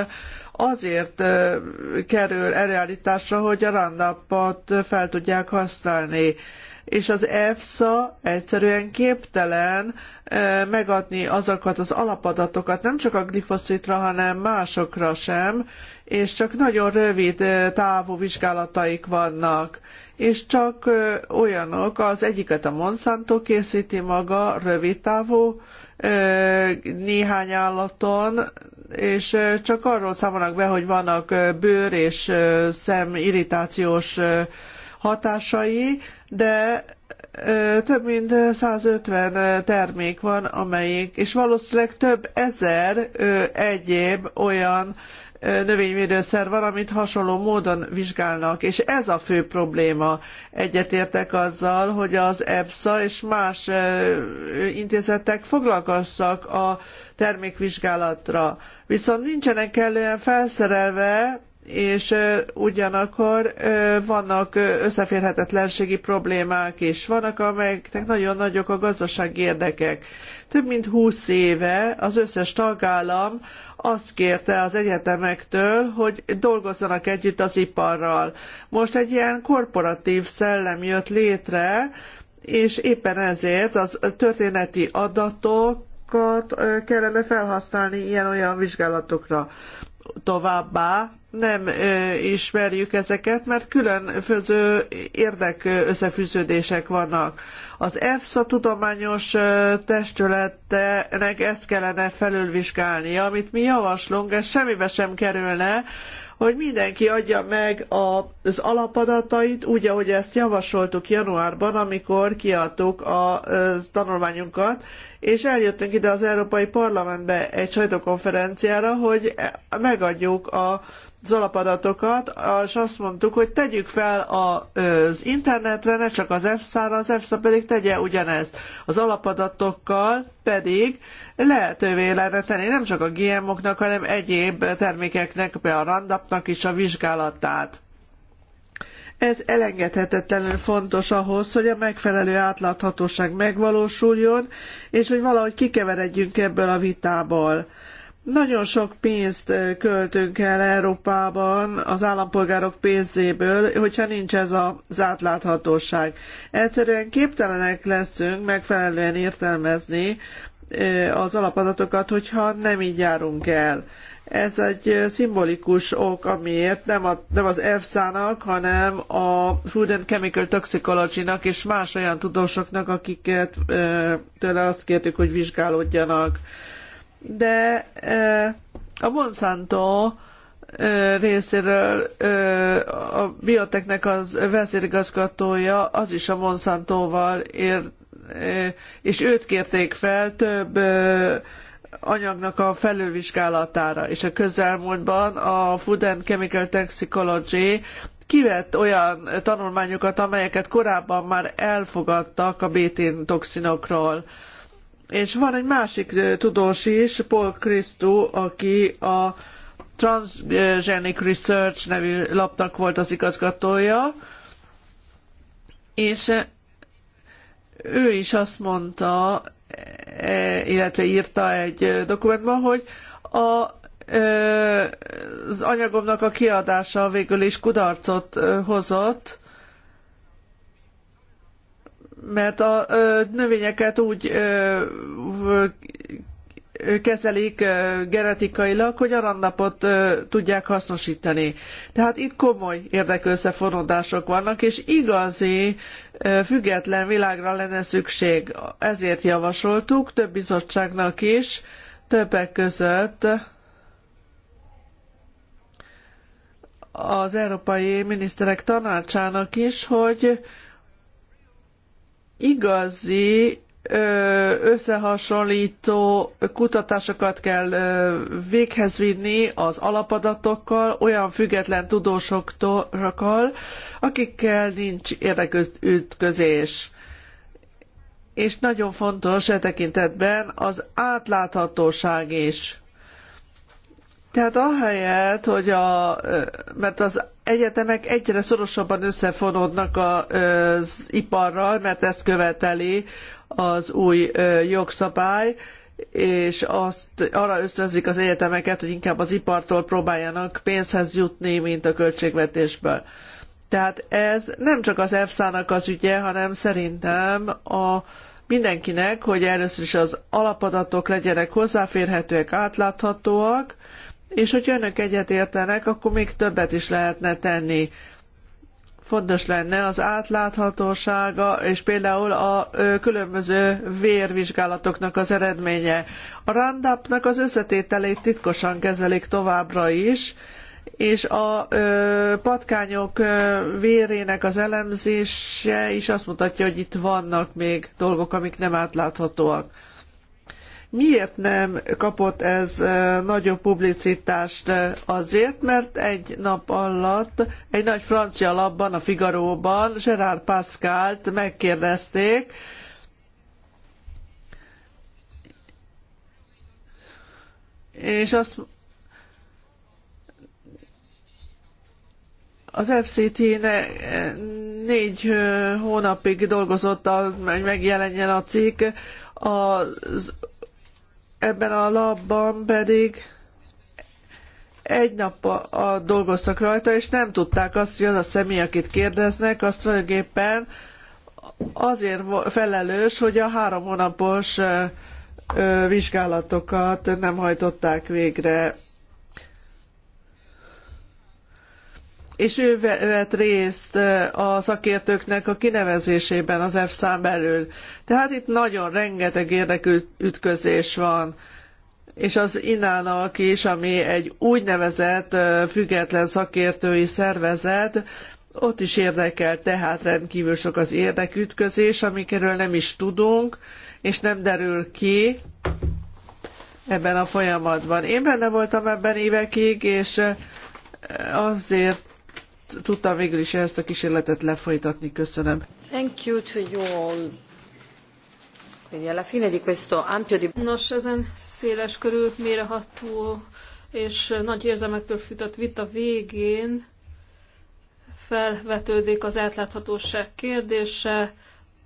azért kerül elreállításra, hogy a Roundup-ot fel tudják használni és az EFSA egyszerűen képtelen megadni azokat az alapadatokat, nem csak a glifoszitra, hanem másokra sem, és csak nagyon rövid távú vizsgálataik vannak és csak olyanok, az egyiket a Monsanto készíti maga rövid távú néhány állaton, és csak arról számolnak be, hogy vannak bőr és szem irritációs hatásai, de több mint 150 termék van, amelyik, és valószínűleg több ezer egyéb olyan növényvédőszer van, amit hasonló módon vizsgálnak, és ez a fő probléma. Egyetértek azzal, hogy az EBSA és más intézetek foglalkozzak a termékvizsgálatra. Viszont nincsenek kellően felszerelve és ugyanakkor vannak összeférhetetlenségi problémák is. Vannak, amelyeknek nagyon nagyok a gazdasági érdekek. Több mint 20 éve az összes tagállam azt kérte az egyetemektől, hogy dolgozzanak együtt az iparral. Most egy ilyen korporatív szellem jött létre, és éppen ezért az történeti adatok, adatokat kellene felhasználni ilyen-olyan vizsgálatokra. Továbbá nem ismerjük ezeket, mert különböző érdekösszefűződések vannak. Az EFSA tudományos testületnek ezt kellene felülvizsgálni, amit mi javaslunk, ez semmibe sem kerülne, hogy mindenki adja meg az alapadatait, úgy, ahogy ezt javasoltuk januárban, amikor kiadtuk a tanulmányunkat, és eljöttünk ide az Európai Parlamentbe egy sajtókonferenciára, hogy megadjuk a az alapadatokat, és azt mondtuk, hogy tegyük fel az internetre, ne csak az EFSA-ra, az EFSA pedig tegye ugyanezt. Az alapadatokkal pedig lehetővé lenne tenni nem csak a GM-oknak, hanem egyéb termékeknek, például a Randapnak is a vizsgálatát. Ez elengedhetetlenül fontos ahhoz, hogy a megfelelő átláthatóság megvalósuljon, és hogy valahogy kikeveredjünk ebből a vitából. Nagyon sok pénzt költünk el Európában az állampolgárok pénzéből, hogyha nincs ez az átláthatóság. Egyszerűen képtelenek leszünk megfelelően értelmezni az alapadatokat, hogyha nem így járunk el. Ez egy szimbolikus ok, amiért nem, a, nem az EFSA-nak, hanem a Food and Chemical Toxicology-nak és más olyan tudósoknak, akiket ö, tőle azt kértük, hogy vizsgálódjanak. De a Monsanto részéről a Bioteknek az vezérigazgatója, az is a Monsantóval ér, és őt kérték fel több anyagnak a felülvizsgálatára, és a közelmúltban a Food and Chemical Toxicology kivett olyan tanulmányokat, amelyeket korábban már elfogadtak a bétén toxinokról. És van egy másik tudós is, Paul Christou, aki a Transgenic Research nevű lapnak volt az igazgatója, és ő is azt mondta, E, illetve írta egy e, dokumentumban, hogy a e, az anyagomnak a kiadása végül is kudarcot hozott, mert a növényeket úgy kezelik genetikailag, hogy a arannapot tudják hasznosítani. Tehát itt komoly érdekösszefonódások vannak, és igazi független világra lenne szükség. Ezért javasoltuk több bizottságnak is, többek között az Európai Miniszterek Tanácsának is, hogy igazi összehasonlító kutatásokat kell véghez vinni az alapadatokkal, olyan független tudósokkal, akikkel nincs érdekütközés. És nagyon fontos e tekintetben az átláthatóság is. Tehát ahelyett, hogy a, mert az egyetemek egyre szorosabban összefonódnak az iparral, mert ezt követeli az új jogszabály, és azt arra ösztönzik az egyetemeket, hogy inkább az ipartól próbáljanak pénzhez jutni, mint a költségvetésből. Tehát ez nem csak az EFSA-nak az ügye, hanem szerintem a mindenkinek, hogy először is az alapadatok legyenek hozzáférhetőek, átláthatóak, és hogyha önök egyetértenek, akkor még többet is lehetne tenni fontos lenne az átláthatósága, és például a különböző vérvizsgálatoknak az eredménye. A randapnak az összetételét titkosan kezelik továbbra is, és a ö, patkányok ö, vérének az elemzése is azt mutatja, hogy itt vannak még dolgok, amik nem átláthatóak. Miért nem kapott ez nagyobb publicitást? Azért, mert egy nap alatt egy nagy francia labban, a Figaróban Gerard Pascalt megkérdezték, és azt az FCT ne, négy hónapig dolgozott, hogy megjelenjen a cikk, az ebben a labban pedig egy nap a, a dolgoztak rajta, és nem tudták azt, hogy az a személy, akit kérdeznek, azt tulajdonképpen azért felelős, hogy a három hónapos vizsgálatokat nem hajtották végre. és ő vett részt a szakértőknek a kinevezésében az EFSA-n belül. Tehát itt nagyon rengeteg ütközés van és az ina nak is, ami egy úgynevezett független szakértői szervezet, ott is érdekel tehát rendkívül sok az érdekütközés, amikről nem is tudunk, és nem derül ki ebben a folyamatban. Én benne voltam ebben évekig, és azért tudtam végül is ezt a kísérletet lefolytatni. Köszönöm. Thank you to you all. Quindi alla fine di questo ampio di... Nos, ezen széles körül méreható és nagy érzelmektől fűtött vita végén felvetődik az átláthatóság kérdése,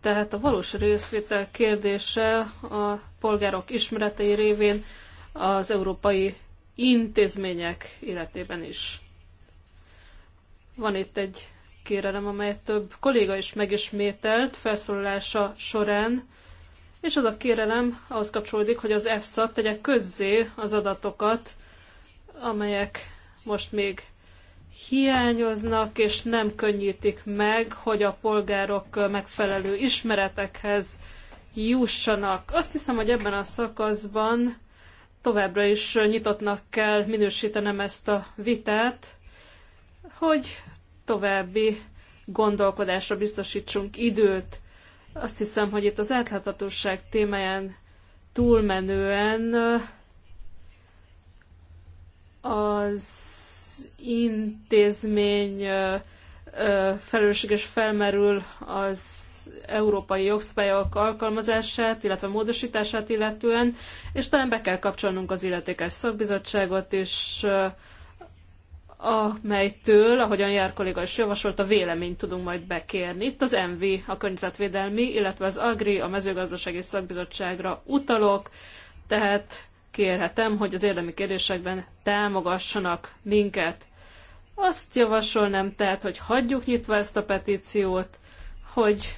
tehát a valós részvétel kérdése a polgárok ismeretei révén az európai intézmények életében is. Van itt egy kérelem, amelyet több kolléga is megismételt felszólalása során, és az a kérelem ahhoz kapcsolódik, hogy az EFSA tegye közzé az adatokat, amelyek most még hiányoznak, és nem könnyítik meg, hogy a polgárok megfelelő ismeretekhez jussanak. Azt hiszem, hogy ebben a szakaszban továbbra is nyitottnak kell minősítenem ezt a vitát, hogy további gondolkodásra biztosítsunk időt. Azt hiszem, hogy itt az átláthatóság témáján túlmenően az intézmény felelősséges felmerül az európai jogszabályok alkalmazását, illetve módosítását illetően, és talán be kell kapcsolnunk az illetékes szakbizottságot, és amelytől, ahogyan Jár kolléga is javasolta, véleményt tudunk majd bekérni. Itt az MV, a Környezetvédelmi, illetve az AGRI, a Mezőgazdasági Szakbizottságra utalok, tehát kérhetem, hogy az érdemi kérdésekben támogassanak minket. Azt javasolnám tehát, hogy hagyjuk nyitva ezt a petíciót, hogy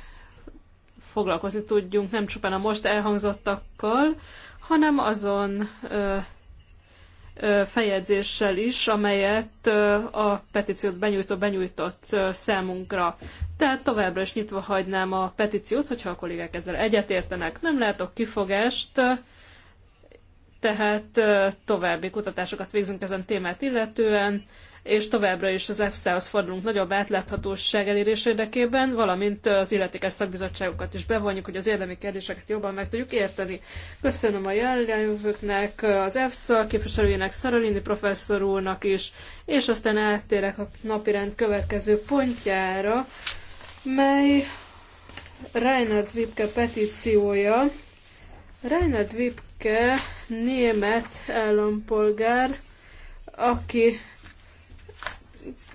foglalkozni tudjunk nem csupán a most elhangzottakkal, hanem azon ö, feljegyzéssel is, amelyet a petíciót benyújtó benyújtott számunkra. Tehát továbbra is nyitva hagynám a petíciót, hogyha a kollégák ezzel egyetértenek. Nem látok kifogást, tehát további kutatásokat végzünk ezen témát illetően és továbbra is az EFSA-hoz fordulunk nagyobb átláthatóság elérés érdekében, valamint az illetékes szakbizottságokat is bevonjuk, hogy az érdemi kérdéseket jobban meg tudjuk érteni. Köszönöm a jelenlévőknek, az EFSA képviselőjének, Szaralini professzor úrnak is, és aztán áttérek a napirend következő pontjára, mely Reinhard Wipke petíciója. Reinhard Wipke német állampolgár, aki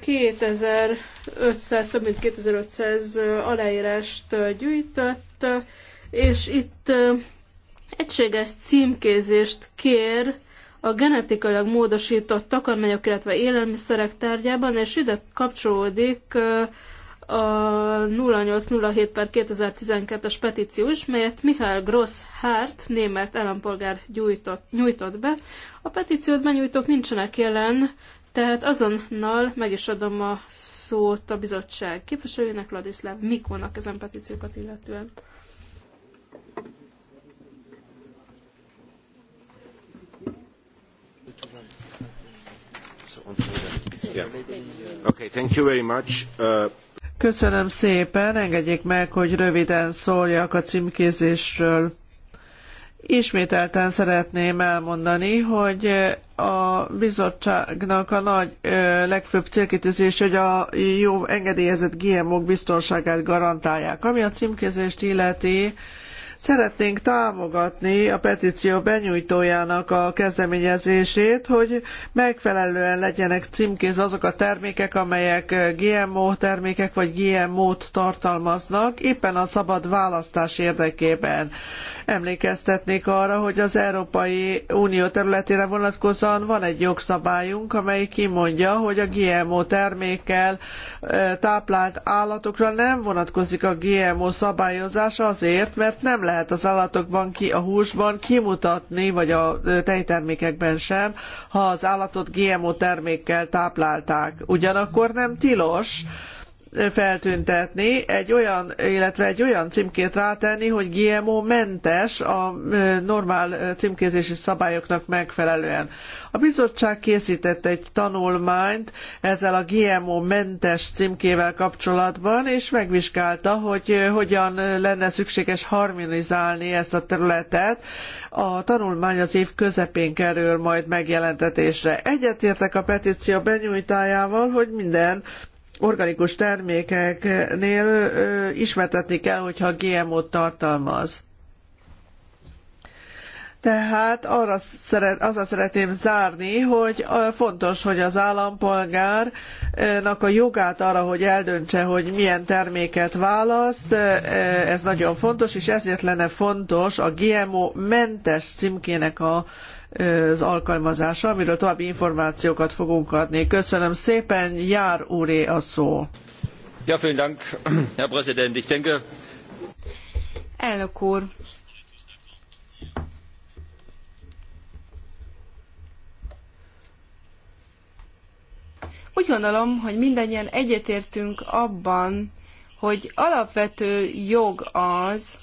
2500, több mint 2500 aláírást gyűjtött, és itt egységes címkézést kér a genetikailag módosított takarmányok, illetve élelmiszerek tárgyában, és ide kapcsolódik a 0807 per 2012-es petíció is, melyet Michael Gross Hart, német állampolgár gyújtott, nyújtott be. A petíciót benyújtók nincsenek jelen, tehát azonnal meg is adom a szót a bizottság képviselőjének, Ladislav Mikónak ezen petíciókat illetően. Uh, Köszönöm szépen, engedjék meg, hogy röviden szóljak a címkézésről. Ismételten szeretném elmondani, hogy a bizottságnak a nagy, legfőbb célkitűzés, hogy a jó engedélyezett GMO-k biztonságát garantálják. Ami a címkézést illeti, Szeretnénk támogatni a petíció benyújtójának a kezdeményezését, hogy megfelelően legyenek címkézve azok a termékek, amelyek GMO termékek vagy GMO-t tartalmaznak, éppen a szabad választás érdekében. Emlékeztetnék arra, hogy az Európai Unió területére vonatkozóan van egy jogszabályunk, amely kimondja, hogy a GMO termékkel táplált állatokra nem vonatkozik a GMO szabályozás azért, mert nem lehet lehet az állatokban, ki a húsban kimutatni, vagy a tejtermékekben sem, ha az állatot GMO termékkel táplálták. Ugyanakkor nem tilos, feltüntetni, egy olyan, illetve egy olyan címkét rátenni, hogy GMO mentes a normál címkézési szabályoknak megfelelően. A bizottság készített egy tanulmányt ezzel a GMO mentes címkével kapcsolatban, és megvizsgálta, hogy hogyan lenne szükséges harmonizálni ezt a területet. A tanulmány az év közepén kerül majd megjelentetésre. Egyetértek a petíció benyújtájával, hogy minden organikus termékeknél ismertetni kell, hogyha GMO-t tartalmaz. Tehát arra szeret, azzal szeretném zárni, hogy fontos, hogy az állampolgárnak a jogát arra, hogy eldöntse, hogy milyen terméket választ, ez nagyon fontos, és ezért lenne fontos a GMO mentes címkének a az alkalmazása, amiről további információkat fogunk adni. Köszönöm szépen, Jár úré a szó. Ja, vielen Dank, Herr Präsident. Ich denke... Elnök úr, Úgy gondolom, hogy mindannyian egyetértünk abban, hogy alapvető jog az,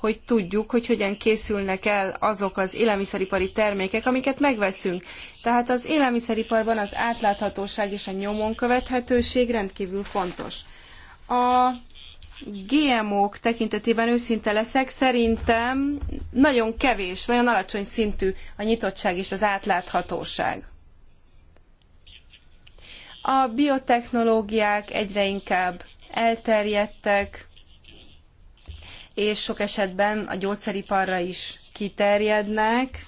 hogy tudjuk, hogy hogyan készülnek el azok az élelmiszeripari termékek, amiket megveszünk. Tehát az élelmiszeriparban az átláthatóság és a nyomon követhetőség rendkívül fontos. A GMO-k tekintetében őszinte leszek, szerintem nagyon kevés, nagyon alacsony szintű a nyitottság és az átláthatóság. A biotechnológiák egyre inkább elterjedtek, és sok esetben a gyógyszeriparra is kiterjednek.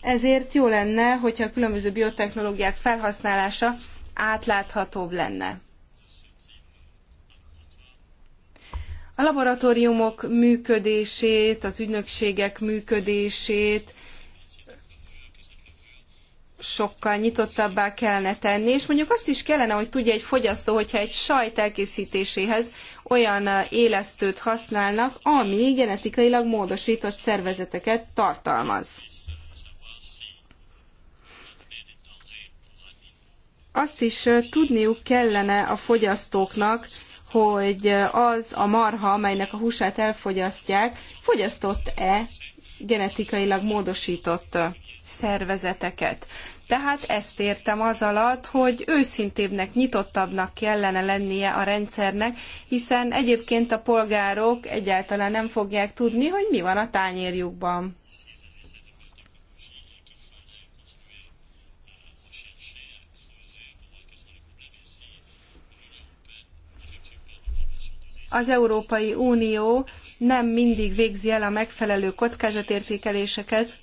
Ezért jó lenne, hogyha a különböző biotechnológiák felhasználása átláthatóbb lenne. A laboratóriumok működését, az ügynökségek működését sokkal nyitottabbá kellene tenni, és mondjuk azt is kellene, hogy tudja egy fogyasztó, hogyha egy sajt elkészítéséhez olyan uh, élesztőt használnak, ami genetikailag módosított szervezeteket tartalmaz. Azt is uh, tudniuk kellene a fogyasztóknak, hogy uh, az a marha, amelynek a húsát elfogyasztják, fogyasztott-e genetikailag módosított szervezeteket. Tehát ezt értem az alatt, hogy őszintébbnek, nyitottabbnak kellene lennie a rendszernek, hiszen egyébként a polgárok egyáltalán nem fogják tudni, hogy mi van a tányérjukban. az Európai Unió nem mindig végzi el a megfelelő kockázatértékeléseket,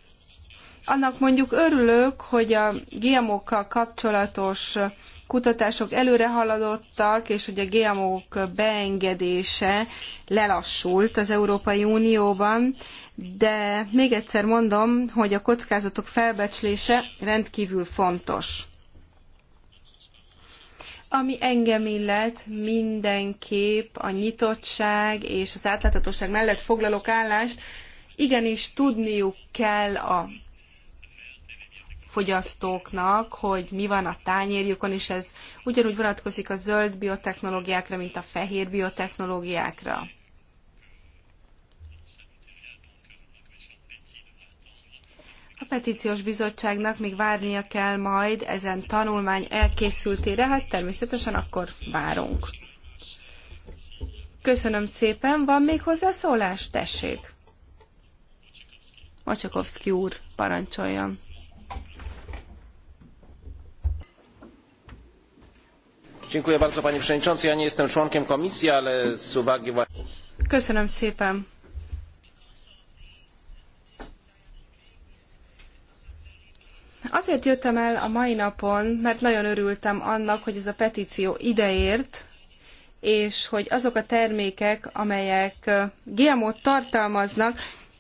annak mondjuk örülök, hogy a GMO-kkal kapcsolatos kutatások előre haladottak, és hogy a GMO-k beengedése lelassult az Európai Unióban, de még egyszer mondom, hogy a kockázatok felbecslése rendkívül fontos. Ami engem illet, mindenképp a nyitottság és az átláthatóság mellett foglalok állást, igenis tudniuk kell a fogyasztóknak, hogy mi van a tányérjukon, és ez ugyanúgy vonatkozik a zöld biotechnológiákra, mint a fehér biotechnológiákra. A petíciós bizottságnak még várnia kell majd ezen tanulmány elkészültére, hát természetesen akkor várunk. Köszönöm szépen, van még hozzászólás? Tessék! Macsakovszki úr, parancsoljon! Dziękuję bardzo, panie przewodniczący. Ja nie jestem członkiem komisji, ale z uwagi... Köszönöm szépen. Azért jöttem el a mai napon, mert nagyon örültem annak, hogy ez a petíció ideért, és hogy azok a termékek, amelyek GMO-t tartalmaznak,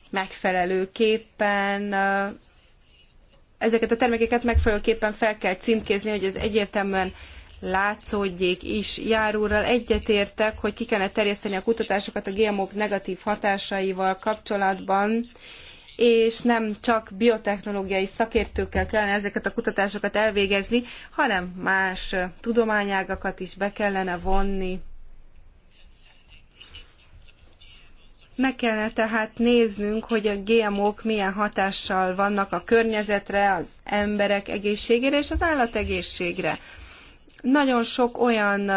megfelelőképpen ezeket a termékeket megfelelőképpen fel kell címkézni, hogy ez egyértelműen látszódjék is. Járúrral egyetértek, hogy ki kellene terjeszteni a kutatásokat a GMO-k negatív hatásaival kapcsolatban, és nem csak biotechnológiai szakértőkkel kellene ezeket a kutatásokat elvégezni, hanem más tudományágakat is be kellene vonni. Meg kellene tehát néznünk, hogy a GMO-k milyen hatással vannak a környezetre, az emberek egészségére és az állategészségre. egészségére nagyon sok olyan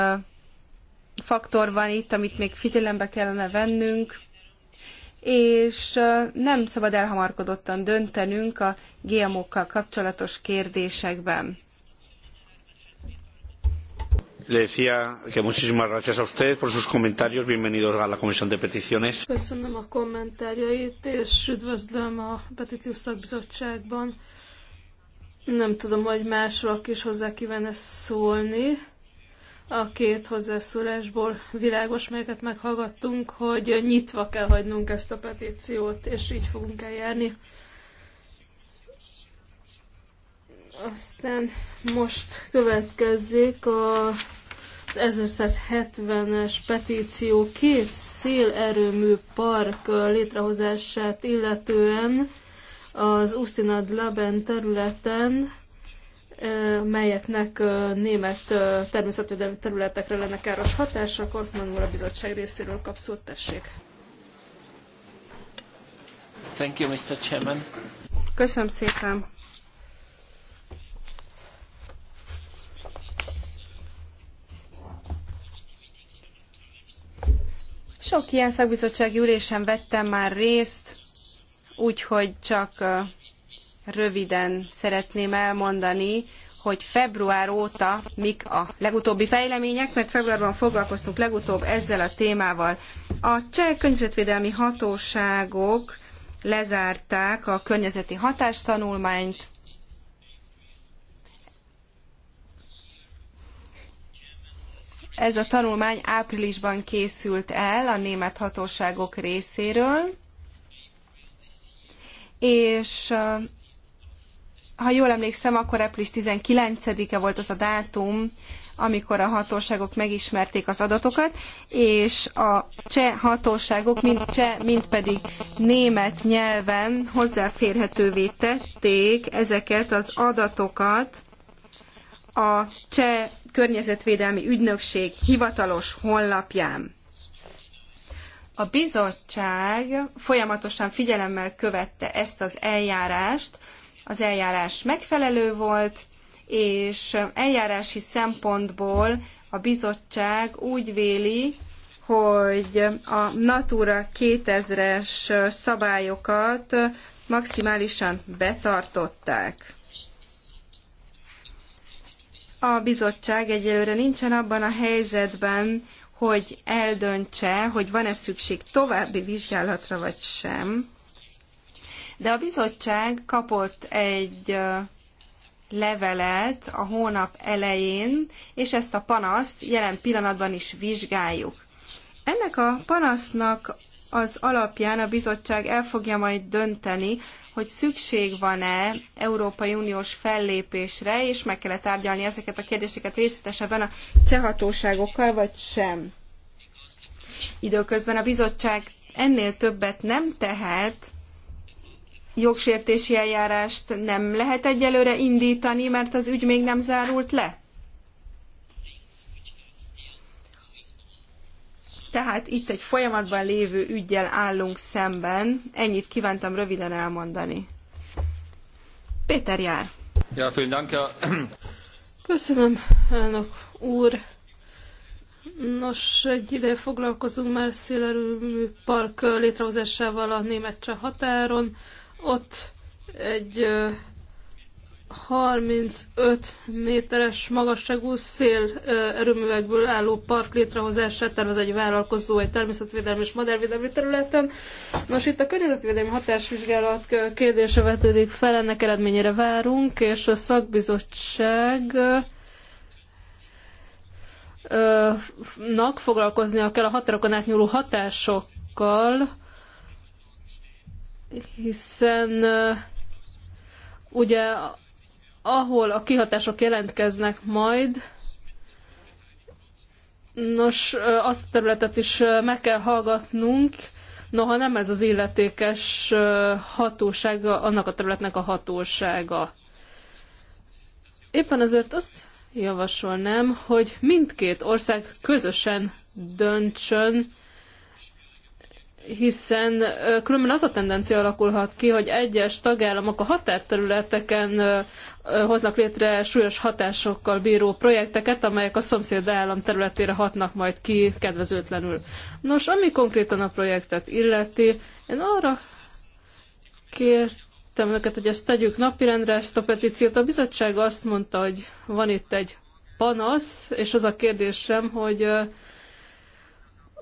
faktor van itt, amit még figyelembe kellene vennünk, és nem szabad elhamarkodottan döntenünk a GMO-kkal kapcsolatos kérdésekben. Le decía que muchísimas gracias a usted por sus comentarios. Bienvenidos a la Comisión de Peticiones. Köszönöm a kommentárjait, és üdvözlöm a Petíciós Szakbizottságban. Nem tudom, hogy másról is hozzá kívánne szólni. A két hozzászólásból világos, melyeket meghallgattunk, hogy nyitva kell hagynunk ezt a petíciót, és így fogunk eljárni. Aztán most következzék a, az 1170-es petíció két szélerőmű park létrehozását illetően az Ustinad Laben területen, melyeknek német természetvédelmi területekre lenne káros hatása. a úr a bizottság részéről kap szót, tessék. Thank you, Mr. Chairman. Köszönöm szépen. Sok ilyen szakbizottsági ülésen vettem már részt, úgyhogy csak röviden szeretném elmondani, hogy február óta mik a legutóbbi fejlemények, mert februárban foglalkoztunk legutóbb ezzel a témával. A cseh környezetvédelmi hatóságok lezárták a környezeti hatástanulmányt, Ez a tanulmány áprilisban készült el a német hatóságok részéről, és ha jól emlékszem, akkor április 19-e volt az a dátum, amikor a hatóságok megismerték az adatokat, és a cseh hatóságok mind cseh, mind pedig német nyelven hozzáférhetővé tették ezeket az adatokat a cseh környezetvédelmi ügynökség hivatalos honlapján. A bizottság folyamatosan figyelemmel követte ezt az eljárást, az eljárás megfelelő volt, és eljárási szempontból a bizottság úgy véli, hogy a Natura 2000-es szabályokat maximálisan betartották. A bizottság egyelőre nincsen abban a helyzetben, hogy eldöntse, hogy van-e szükség további vizsgálatra vagy sem. De a bizottság kapott egy levelet a hónap elején, és ezt a panaszt jelen pillanatban is vizsgáljuk. Ennek a panasznak az alapján a bizottság el fogja majd dönteni, hogy szükség van-e Európai Uniós fellépésre, és meg kell -e tárgyalni ezeket a kérdéseket részletesebben a cseh hatóságokkal, vagy sem. Időközben a bizottság ennél többet nem tehet, jogsértési eljárást nem lehet egyelőre indítani, mert az ügy még nem zárult le. Tehát itt egy folyamatban lévő ügyjel állunk szemben. Ennyit kívántam röviden elmondani. Péter jár. Ja, vielen Dank. Ja. Köszönöm, elnök úr. Nos, egy ide foglalkozunk már szélerőmű park létrehozásával a német határon. Ott egy 35 méteres magasságú szél erőművekből álló park létrehozását tervez egy vállalkozó egy természetvédelmi és madárvédelmi területen. Nos, itt a környezetvédelmi hatásvizsgálat kérdése vetődik fel, ennek eredményére várunk, és a szakbizottság nak foglalkoznia kell a határokon átnyúló hatásokkal, hiszen ugye ahol a kihatások jelentkeznek majd, nos, azt a területet is meg kell hallgatnunk, noha nem ez az illetékes hatósága, annak a területnek a hatósága. Éppen ezért azt javasolnám, hogy mindkét ország közösen döntsön, hiszen különben az a tendencia alakulhat ki, hogy egyes tagállamok a határterületeken hoznak létre súlyos hatásokkal bíró projekteket, amelyek a szomszéd állam területére hatnak majd ki kedvezőtlenül. Nos, ami konkrétan a projektet illeti, én arra kértem önöket, hogy ezt tegyük napirendre, ezt a petíciót. A bizottság azt mondta, hogy van itt egy panasz, és az a kérdésem, hogy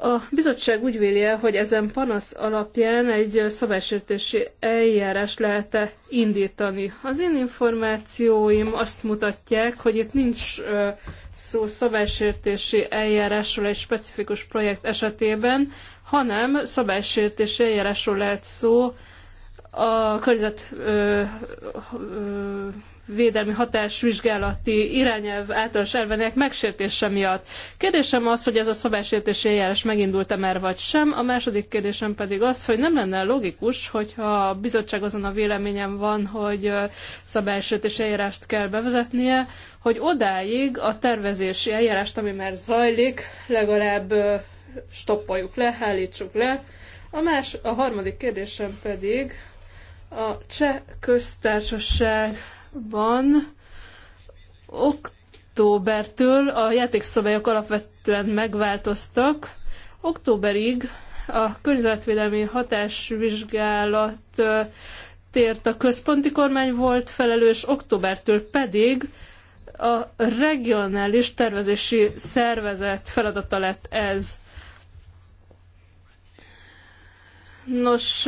a bizottság úgy véli, hogy ezen panasz alapján egy szabálysértési eljárás lehet -e indítani. Az én információim azt mutatják, hogy itt nincs szó szabálysértési eljárásról egy specifikus projekt esetében, hanem szabálysértési eljárásról lehet szó a környezet ö, ö, védelmi hatásvizsgálati irányelv általános elvenek megsértése miatt. Kérdésem az, hogy ez a szabálysértési eljárás megindult-e már vagy sem. A második kérdésem pedig az, hogy nem lenne logikus, hogyha a bizottság azon a véleményen van, hogy szabálysértési eljárást kell bevezetnie, hogy odáig a tervezési eljárást, ami már zajlik, legalább stoppoljuk le, állítsuk le. A, más, a harmadik kérdésem pedig, a cseh köztársaság van októbertől a játékszabályok alapvetően megváltoztak. Októberig a környezetvédelmi hatásvizsgálat tért a központi kormány volt felelős, októbertől pedig a regionális tervezési szervezet feladata lett ez. Nos,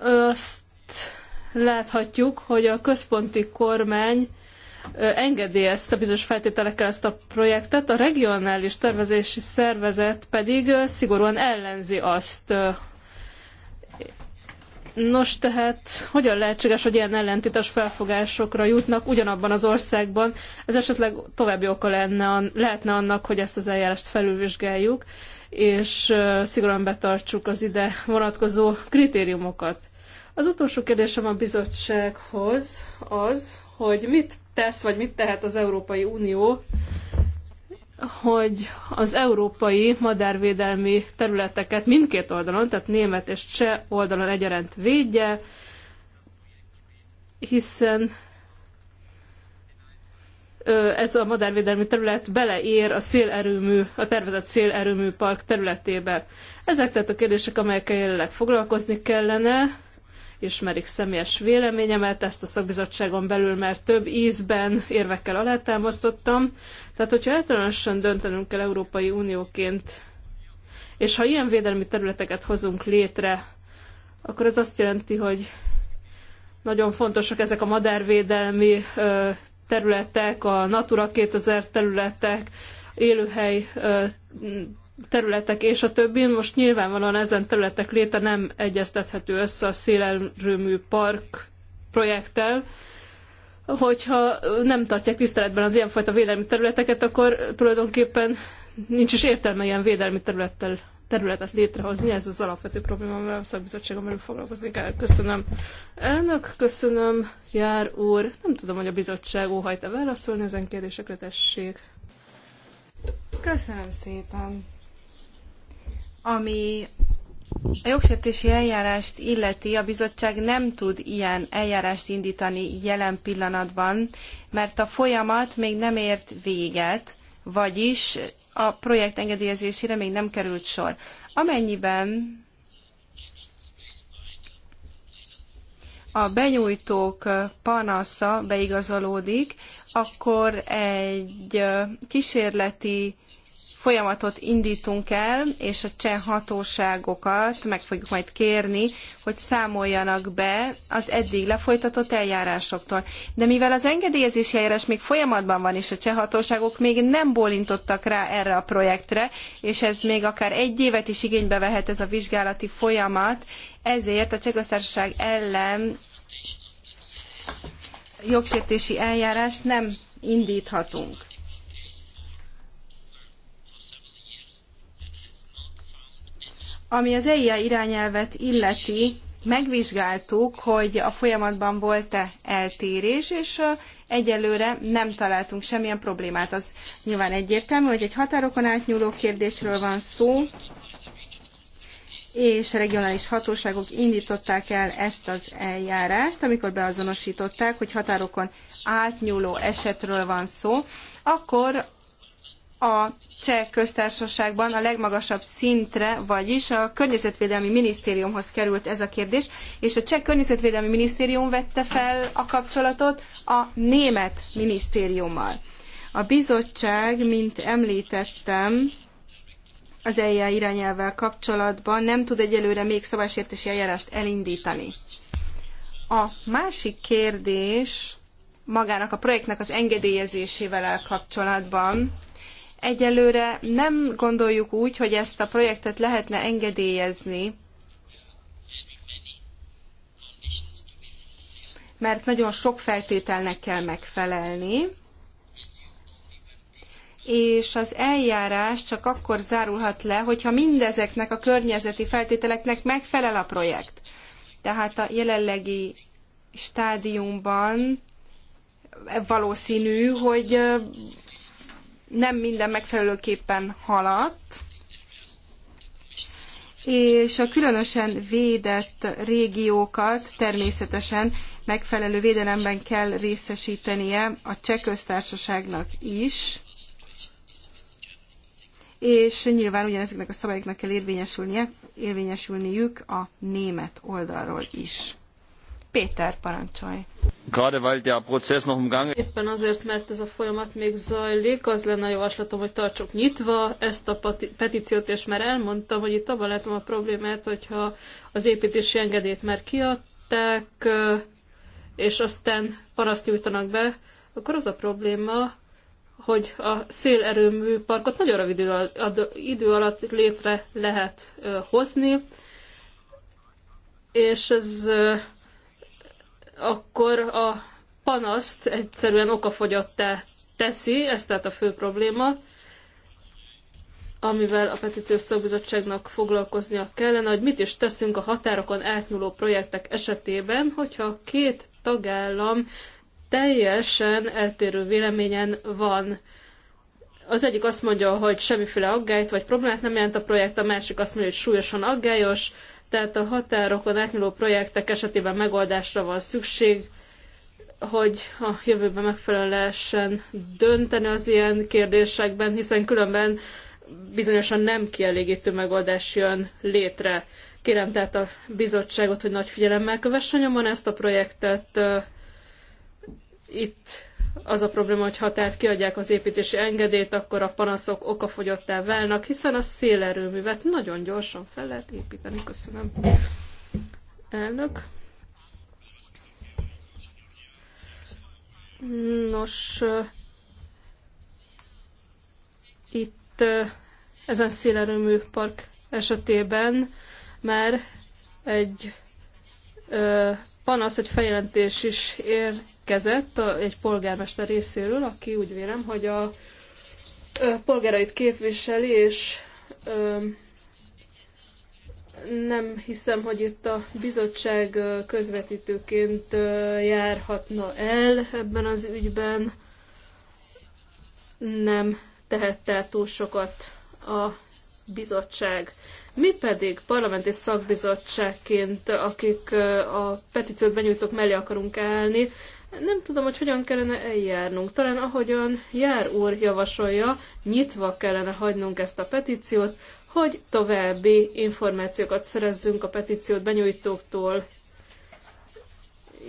azt láthatjuk, hogy a központi kormány engedélyezte bizonyos feltételekkel ezt a projektet, a regionális tervezési szervezet pedig szigorúan ellenzi azt. Nos, tehát hogyan lehetséges, hogy ilyen ellentétes felfogásokra jutnak ugyanabban az országban? Ez esetleg további oka lenne, lehetne annak, hogy ezt az eljárást felülvizsgáljuk, és szigorúan betartsuk az ide vonatkozó kritériumokat. Az utolsó kérdésem a bizottsághoz az, hogy mit tesz, vagy mit tehet az Európai Unió, hogy az európai madárvédelmi területeket mindkét oldalon, tehát német és cseh oldalon egyaránt védje, hiszen ez a madárvédelmi terület beleér a szélerőmű, a tervezett szélerőmű park területébe. Ezek tehát a kérdések, amelyekkel jelenleg foglalkozni kellene ismerik személyes véleményemet, ezt a szakbizottságon belül már több ízben érvekkel alátámasztottam. Tehát, hogyha általánosan döntenünk kell Európai Unióként, és ha ilyen védelmi területeket hozunk létre, akkor ez azt jelenti, hogy nagyon fontosak ezek a madárvédelmi területek, a Natura 2000 területek, élőhely területek és a többi. Most nyilvánvalóan ezen területek léte nem egyeztethető össze a szélerőmű park projekttel, hogyha nem tartják tiszteletben az ilyenfajta védelmi területeket, akkor tulajdonképpen nincs is értelme ilyen védelmi területtel területet létrehozni, ez az alapvető probléma, amivel a szakbizottságon belül foglalkozni kell. Köszönöm. Elnök, köszönöm, Jár úr. Nem tudom, hogy a bizottság óhajt-e válaszolni ezen kérdésekre, tessék. Köszönöm szépen. Ami a jogsértési eljárást illeti, a bizottság nem tud ilyen eljárást indítani jelen pillanatban, mert a folyamat még nem ért véget, vagyis a projekt engedélyezésére még nem került sor. Amennyiben a benyújtók panasza beigazolódik, akkor egy kísérleti folyamatot indítunk el, és a cseh hatóságokat meg fogjuk majd kérni, hogy számoljanak be az eddig lefolytatott eljárásoktól. De mivel az engedélyezési eljárás még folyamatban van, és a cseh hatóságok még nem bólintottak rá erre a projektre, és ez még akár egy évet is igénybe vehet ez a vizsgálati folyamat, ezért a köztársaság ellen jogsértési eljárást nem indíthatunk. Ami az EIA irányelvet illeti, megvizsgáltuk, hogy a folyamatban volt-e eltérés, és egyelőre nem találtunk semmilyen problémát. Az nyilván egyértelmű, hogy egy határokon átnyúló kérdésről van szó, és a regionális hatóságok indították el ezt az eljárást, amikor beazonosították, hogy határokon átnyúló esetről van szó, akkor a cseh köztársaságban a legmagasabb szintre, vagyis a környezetvédelmi minisztériumhoz került ez a kérdés, és a cseh környezetvédelmi minisztérium vette fel a kapcsolatot a német minisztériummal. A bizottság, mint említettem, az EIA irányelvvel kapcsolatban nem tud egyelőre még szabálysértési eljárást elindítani. A másik kérdés magának a projektnek az engedélyezésével el kapcsolatban. Egyelőre nem gondoljuk úgy, hogy ezt a projektet lehetne engedélyezni, mert nagyon sok feltételnek kell megfelelni, és az eljárás csak akkor zárulhat le, hogyha mindezeknek a környezeti feltételeknek megfelel a projekt. Tehát a jelenlegi stádiumban valószínű, hogy nem minden megfelelőképpen haladt, és a különösen védett régiókat természetesen megfelelő védelemben kell részesítenie a cseh köztársaságnak is, és nyilván ugyanezeknek a szabályoknak kell érvényesülnie, érvényesülniük a német oldalról is. Péter, parancsolj! Éppen azért, mert ez a folyamat még zajlik, az lenne a javaslatom, hogy tartsuk nyitva ezt a petíciót, és már elmondtam, hogy itt abban látom a problémát, hogyha az építési engedélyt már kiadták, és aztán paraszt nyújtanak be, akkor az a probléma, hogy a szélerőmű parkot nagyon rövid idő alatt létre lehet hozni, és ez akkor a panaszt egyszerűen okafogyottá teszi, ez tehát a fő probléma, amivel a petíciós szakbizottságnak foglalkoznia kellene, hogy mit is teszünk a határokon átnyúló projektek esetében, hogyha két tagállam teljesen eltérő véleményen van. Az egyik azt mondja, hogy semmiféle aggályt vagy problémát nem jelent a projekt, a másik azt mondja, hogy súlyosan aggályos, tehát a határokon átnyúló projektek esetében megoldásra van szükség, hogy a jövőben megfelelően lehessen dönteni az ilyen kérdésekben, hiszen különben bizonyosan nem kielégítő megoldás jön létre. Kérem tehát a bizottságot, hogy nagy figyelemmel kövesse nyomon ezt a projektet. Itt az a probléma, hogy ha tehát kiadják az építési engedélyt, akkor a panaszok okafogyottá válnak, hiszen a szélerőművet nagyon gyorsan fel lehet építeni. Köszönöm. Elnök. Nos, uh, itt uh, ezen szélerőmű park esetében már egy uh, panasz, egy feljelentés is ér érkezett egy polgármester részéről, aki úgy vélem, hogy a polgárait képviseli, és nem hiszem, hogy itt a bizottság közvetítőként járhatna el ebben az ügyben. Nem tehette túl sokat a bizottság. Mi pedig parlamenti szakbizottságként, akik a petíciót benyújtók mellé akarunk állni, nem tudom, hogy hogyan kellene eljárnunk. Talán ahogyan Jár úr javasolja, nyitva kellene hagynunk ezt a petíciót, hogy további információkat szerezzünk a petíciót benyújtóktól.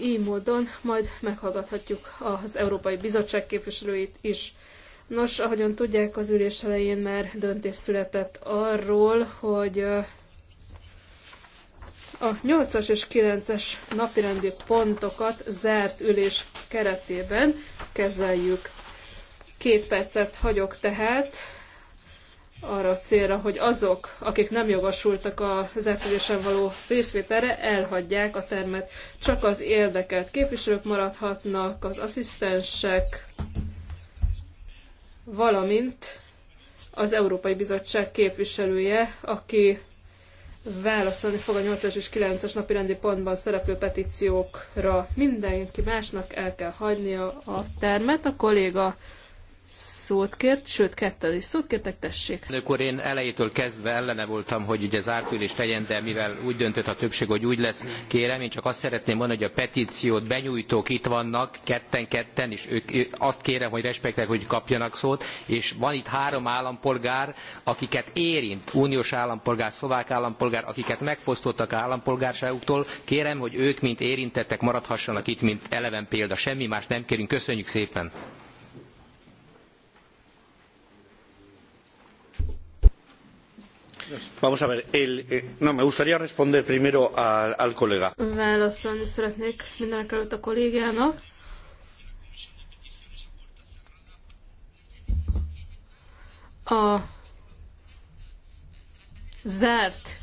Így módon majd meghallgathatjuk az Európai Bizottság képviselőit is. Nos, ahogyan tudják, az ülés elején már döntés született arról, hogy a 8-as és 9-es napirendi pontokat zárt ülés keretében kezeljük. Két percet hagyok tehát arra a célra, hogy azok, akik nem jogosultak a epülésen való részvételre, elhagyják a termet. Csak az érdekelt képviselők maradhatnak, az asszisztensek, valamint az Európai Bizottság képviselője, aki válaszolni fog a 8-as és 9 as napi rendi pontban szereplő petíciókra. Mindenki másnak el kell hagynia a termet. A kolléga szót kért, sőt ketten is szót kértek, tessék. Elnök úr, én elejétől kezdve ellene voltam, hogy ugye zárt ülés legyen, de mivel úgy döntött a többség, hogy úgy lesz, kérem, én csak azt szeretném mondani, hogy a petíciót benyújtók itt vannak, ketten-ketten, és ők azt kérem, hogy respektálják, hogy kapjanak szót, és van itt három állampolgár, akiket érint, uniós állampolgár, szlovák állampolgár, akiket megfosztottak állampolgárságuktól, kérem, hogy ők, mint érintettek, maradhassanak itt, mint eleven példa. Semmi más nem kérünk. Köszönjük szépen! Vamos a ver, el, eh, no, me gustaría responder primero al, al kollega. Válaszolni szeretnék mindenek a kollégának. A zárt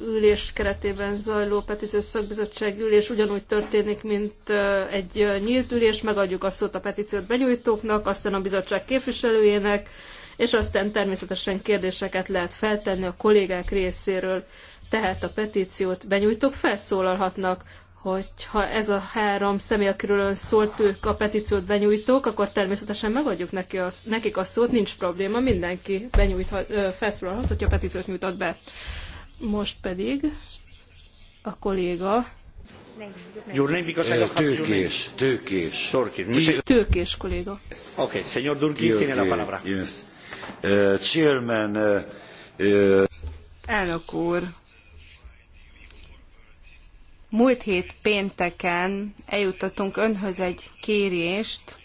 ülés keretében zajló petíciós szakbizottság ülés ugyanúgy történik, mint egy nyílt ülés, megadjuk a szót a petíciót benyújtóknak, aztán a bizottság képviselőjének, és aztán természetesen kérdéseket lehet feltenni a kollégák részéről, tehát a petíciót benyújtók felszólalhatnak, hogy ha ez a három személy, akiről ön szólt, ők a petíciót benyújtók, akkor természetesen megadjuk neki az, nekik a szót, nincs probléma, mindenki benyújthat, felszólalhat, hogyha a petíciót nyújtott be. Most pedig a kolléga Tőkés. Tőkés. Tőkés kolléga. Oké, okay, señor Durkis tiene a palabra. Yes chairman, Elnök úr, múlt hét pénteken eljutottunk önhöz egy kérést,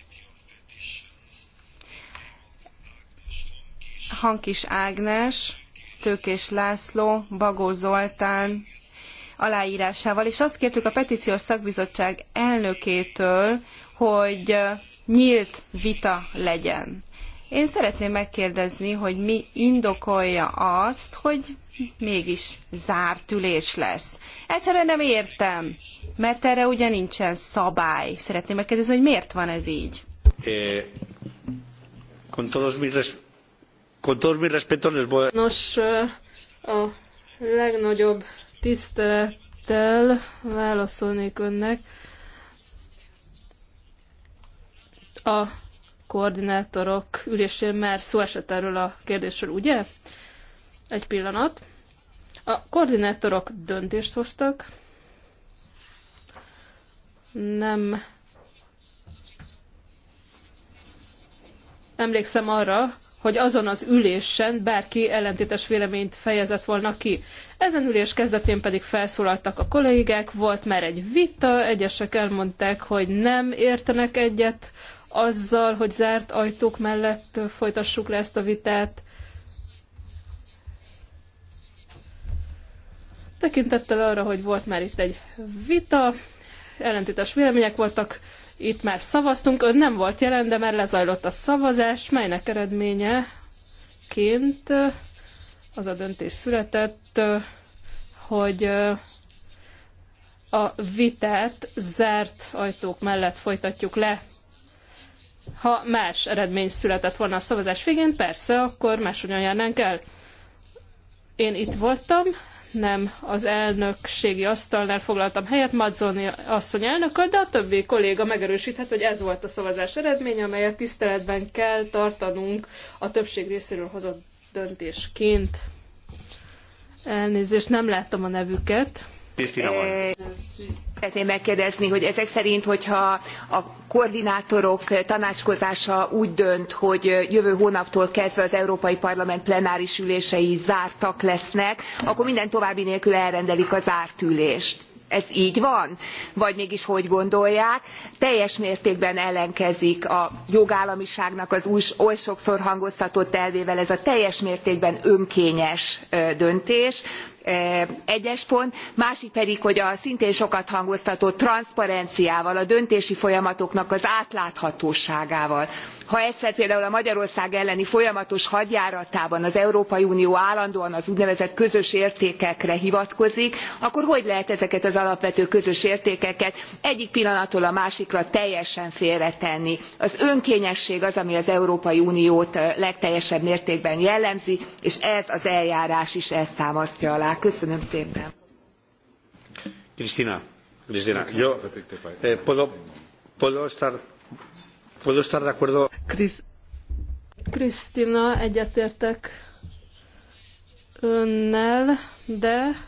Hankis Ágnes, Tőkés László, Bagó Zoltán aláírásával, és azt kértük a petíciós szakbizottság elnökétől, hogy nyílt vita legyen. Én szeretném megkérdezni, hogy mi indokolja azt, hogy mégis zárt ülés lesz. Egyszerűen nem értem, mert erre ugye nincsen szabály. Szeretném megkérdezni, hogy miért van ez így. Eh, Nos, eh, a legnagyobb tisztelettel válaszolnék önnek. A koordinátorok ülésén már szó esett erről a kérdésről, ugye? Egy pillanat. A koordinátorok döntést hoztak. Nem emlékszem arra, hogy azon az ülésen bárki ellentétes véleményt fejezett volna ki. Ezen ülés kezdetén pedig felszólaltak a kollégák, volt már egy vita, egyesek elmondták, hogy nem értenek egyet azzal, hogy zárt ajtók mellett folytassuk le ezt a vitát. Tekintettel arra, hogy volt már itt egy vita, ellentétes vélemények voltak, itt már szavaztunk, ön nem volt jelen, de már lezajlott a szavazás, melynek eredményeként az a döntés született, hogy a vitát zárt ajtók mellett folytatjuk le. Ha más eredmény született volna a szavazás végén, persze, akkor máshogyan járnánk el. Én itt voltam, nem az elnökségi asztalnál foglaltam helyet, Madzoni asszony elnököl, de a többi kolléga megerősíthet, hogy ez volt a szavazás eredménye, amelyet tiszteletben kell tartanunk a többség részéről hozott döntésként. Elnézést, nem láttam a nevüket. Szeretném megkérdezni, hogy ezek szerint, hogyha a koordinátorok tanácskozása úgy dönt, hogy jövő hónaptól kezdve az Európai Parlament plenáris ülései zártak lesznek, akkor minden további nélkül elrendelik a zárt ülést ez gy van vagy mégis hogy gondolják teljes mértékben ellenkezik a jogállamiságnak az új, oly sokszor hangoztatott elvével ez a teljes mértékben önkényes döntés egyes pont másik pedig hogy a szintén sokat hangoztatott transzparenciával a döntési folyamatoknak az átláthatóságával ha egyszer például a magyarország elleni folyamatos hadjáratában az európai unió állandóan az úgynevezett közös értékekre hivatkozik akkor hogy lehet ezeket az alapvető közös értékeket egyik pillanatról a másikra teljesen félretenni? az önkényesség az ami az európai uniót legteljesebb mértékben jellemzi és ez az eljárás is ezt támasztja alá alá. Köszönöm szépen. Cristina, Cristina, yo eh, eh, puedo, puedo estar, puedo estar de acuerdo. Chris, Krisztina, egyetértek önnel, de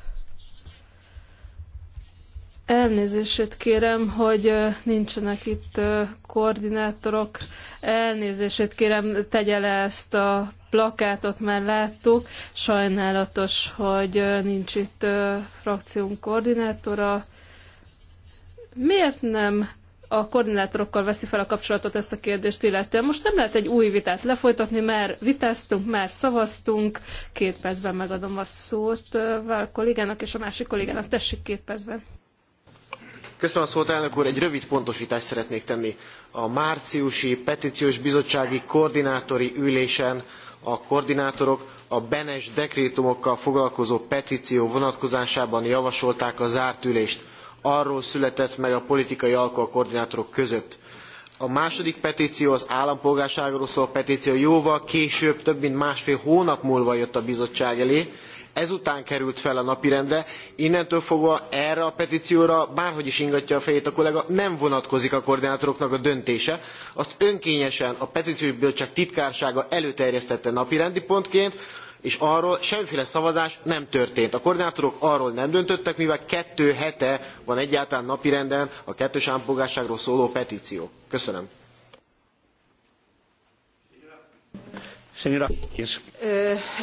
elnézését kérem, hogy nincsenek itt koordinátorok. Elnézését kérem, tegye le ezt a plakátot már láttuk. Sajnálatos, hogy nincs itt frakciónk koordinátora. Miért nem a koordinátorokkal veszi fel a kapcsolatot ezt a kérdést illetően. Most nem lehet egy új vitát lefolytatni, már vitáztunk, már szavaztunk. Két percben megadom a szót a kollégának és a másik kollégának. Tessék két percben. Köszönöm a szót, elnök úr. Egy rövid pontosítást szeretnék tenni. A márciusi petíciós bizottsági koordinátori ülésen a koordinátorok a benes dekrétumokkal foglalkozó petíció vonatkozásában javasolták a zárt ülést. Arról született meg a politikai alkó a koordinátorok között. A második petíció, az állampolgárságról szóló petíció jóval később, több mint másfél hónap múlva jött a bizottság elé, ezután került fel a napirendre, innentől fogva erre a petícióra, bárhogy is ingatja a fejét a kollega, nem vonatkozik a koordinátoroknak a döntése. Azt önkényesen a petíciós bizottság titkársága előterjesztette napirendi pontként, és arról semmiféle szavazás nem történt. A koordinátorok arról nem döntöttek, mivel kettő hete van egyáltalán napirenden a kettős állampolgárságról szóló petíció. Köszönöm.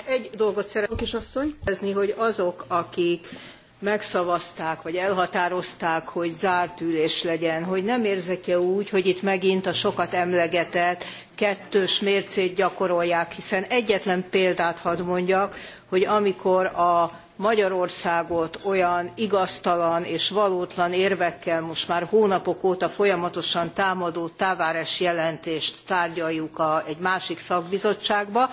Egy dolgot szeretnék is asszony, hogy azok, akik megszavazták, vagy elhatározták, hogy zárt ülés legyen, hogy nem érzek-e úgy, hogy itt megint a sokat emlegetett kettős mércét gyakorolják, hiszen egyetlen példát hadd mondjak, hogy amikor a Magyarországot olyan igaztalan és valótlan érvekkel most már hónapok óta folyamatosan támadó Táváres jelentést tárgyaljuk a, egy másik szakbizottságba,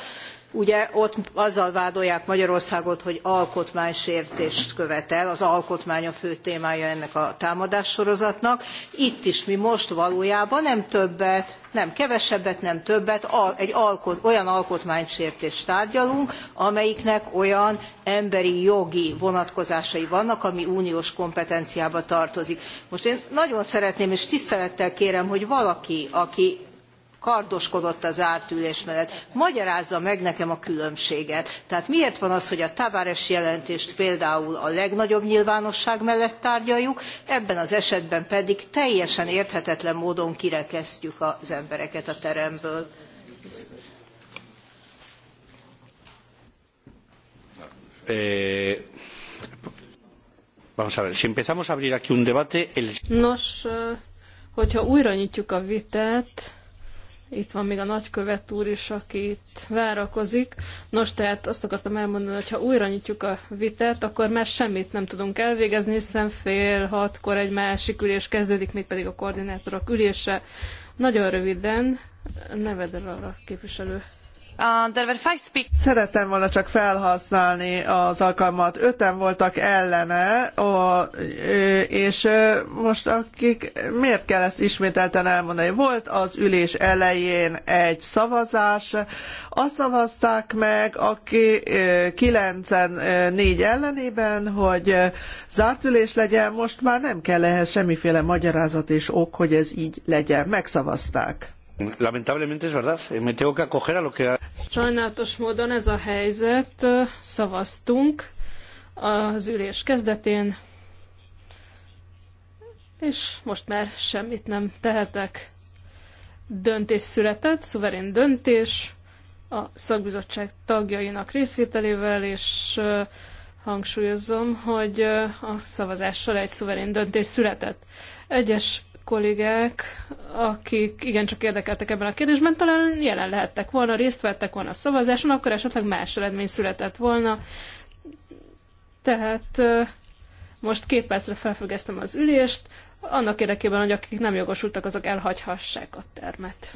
ugye ott azzal vádolják Magyarországot, hogy alkotmánysértést követel, az alkotmány a fő témája ennek a támadássorozatnak. Itt is mi most valójában nem többet, nem kevesebbet, nem többet, egy alkot, olyan alkotmánysértést tárgyalunk, amelyiknek olyan emberi jogi vonatkozásai vannak, ami uniós kompetenciába tartozik. Most én nagyon szeretném és tisztelettel kérem, hogy valaki, aki kardoskodott az zárt ülés mellett. Magyarázza meg nekem a különbséget. Tehát miért van az, hogy a Tavares jelentést például a legnagyobb nyilvánosság mellett tárgyaljuk, ebben az esetben pedig teljesen érthetetlen módon kirekesztjük az embereket a teremből. Nos, hogyha újra nyitjuk a vitát, itt van még a nagykövet úr is, aki itt várakozik. Nos, tehát azt akartam elmondani, hogy ha újra nyitjuk a vitát, akkor már semmit nem tudunk elvégezni, hiszen fél hatkor egy másik ülés kezdődik, pedig a koordinátorok ülése. Nagyon röviden, neved arra képviselő Uh, Szerettem volna csak felhasználni az alkalmat. Öten voltak ellene, és most akik miért kell ezt ismételten elmondani? Volt az ülés elején egy szavazás, azt szavazták meg, aki kilencen négy ellenében, hogy zárt ülés legyen, most már nem kell ehhez semmiféle magyarázat és ok, hogy ez így legyen. Megszavazták. Lamentablemente es verdad, eh, me tengo que acoger a lo que... Sajnálatos módon ez a helyzet, eh, szavaztunk az ülés kezdetén, és most már semmit nem tehetek. Döntés született, szuverén döntés, a szakbizottság tagjainak részvételével, és eh, hangsúlyozom, hogy a szavazással egy szuverén döntés született. Egyes kollégák, akik igencsak érdekeltek ebben a kérdésben, talán jelen lehettek volna, részt vettek volna a szavazáson, akkor esetleg más eredmény született volna. Tehát most két percre felfüggesztem az ülést, annak érdekében, hogy akik nem jogosultak, azok elhagyhassák a termet.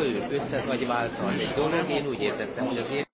ha ő összezagyválta a dolog, én úgy értettem, hogy azért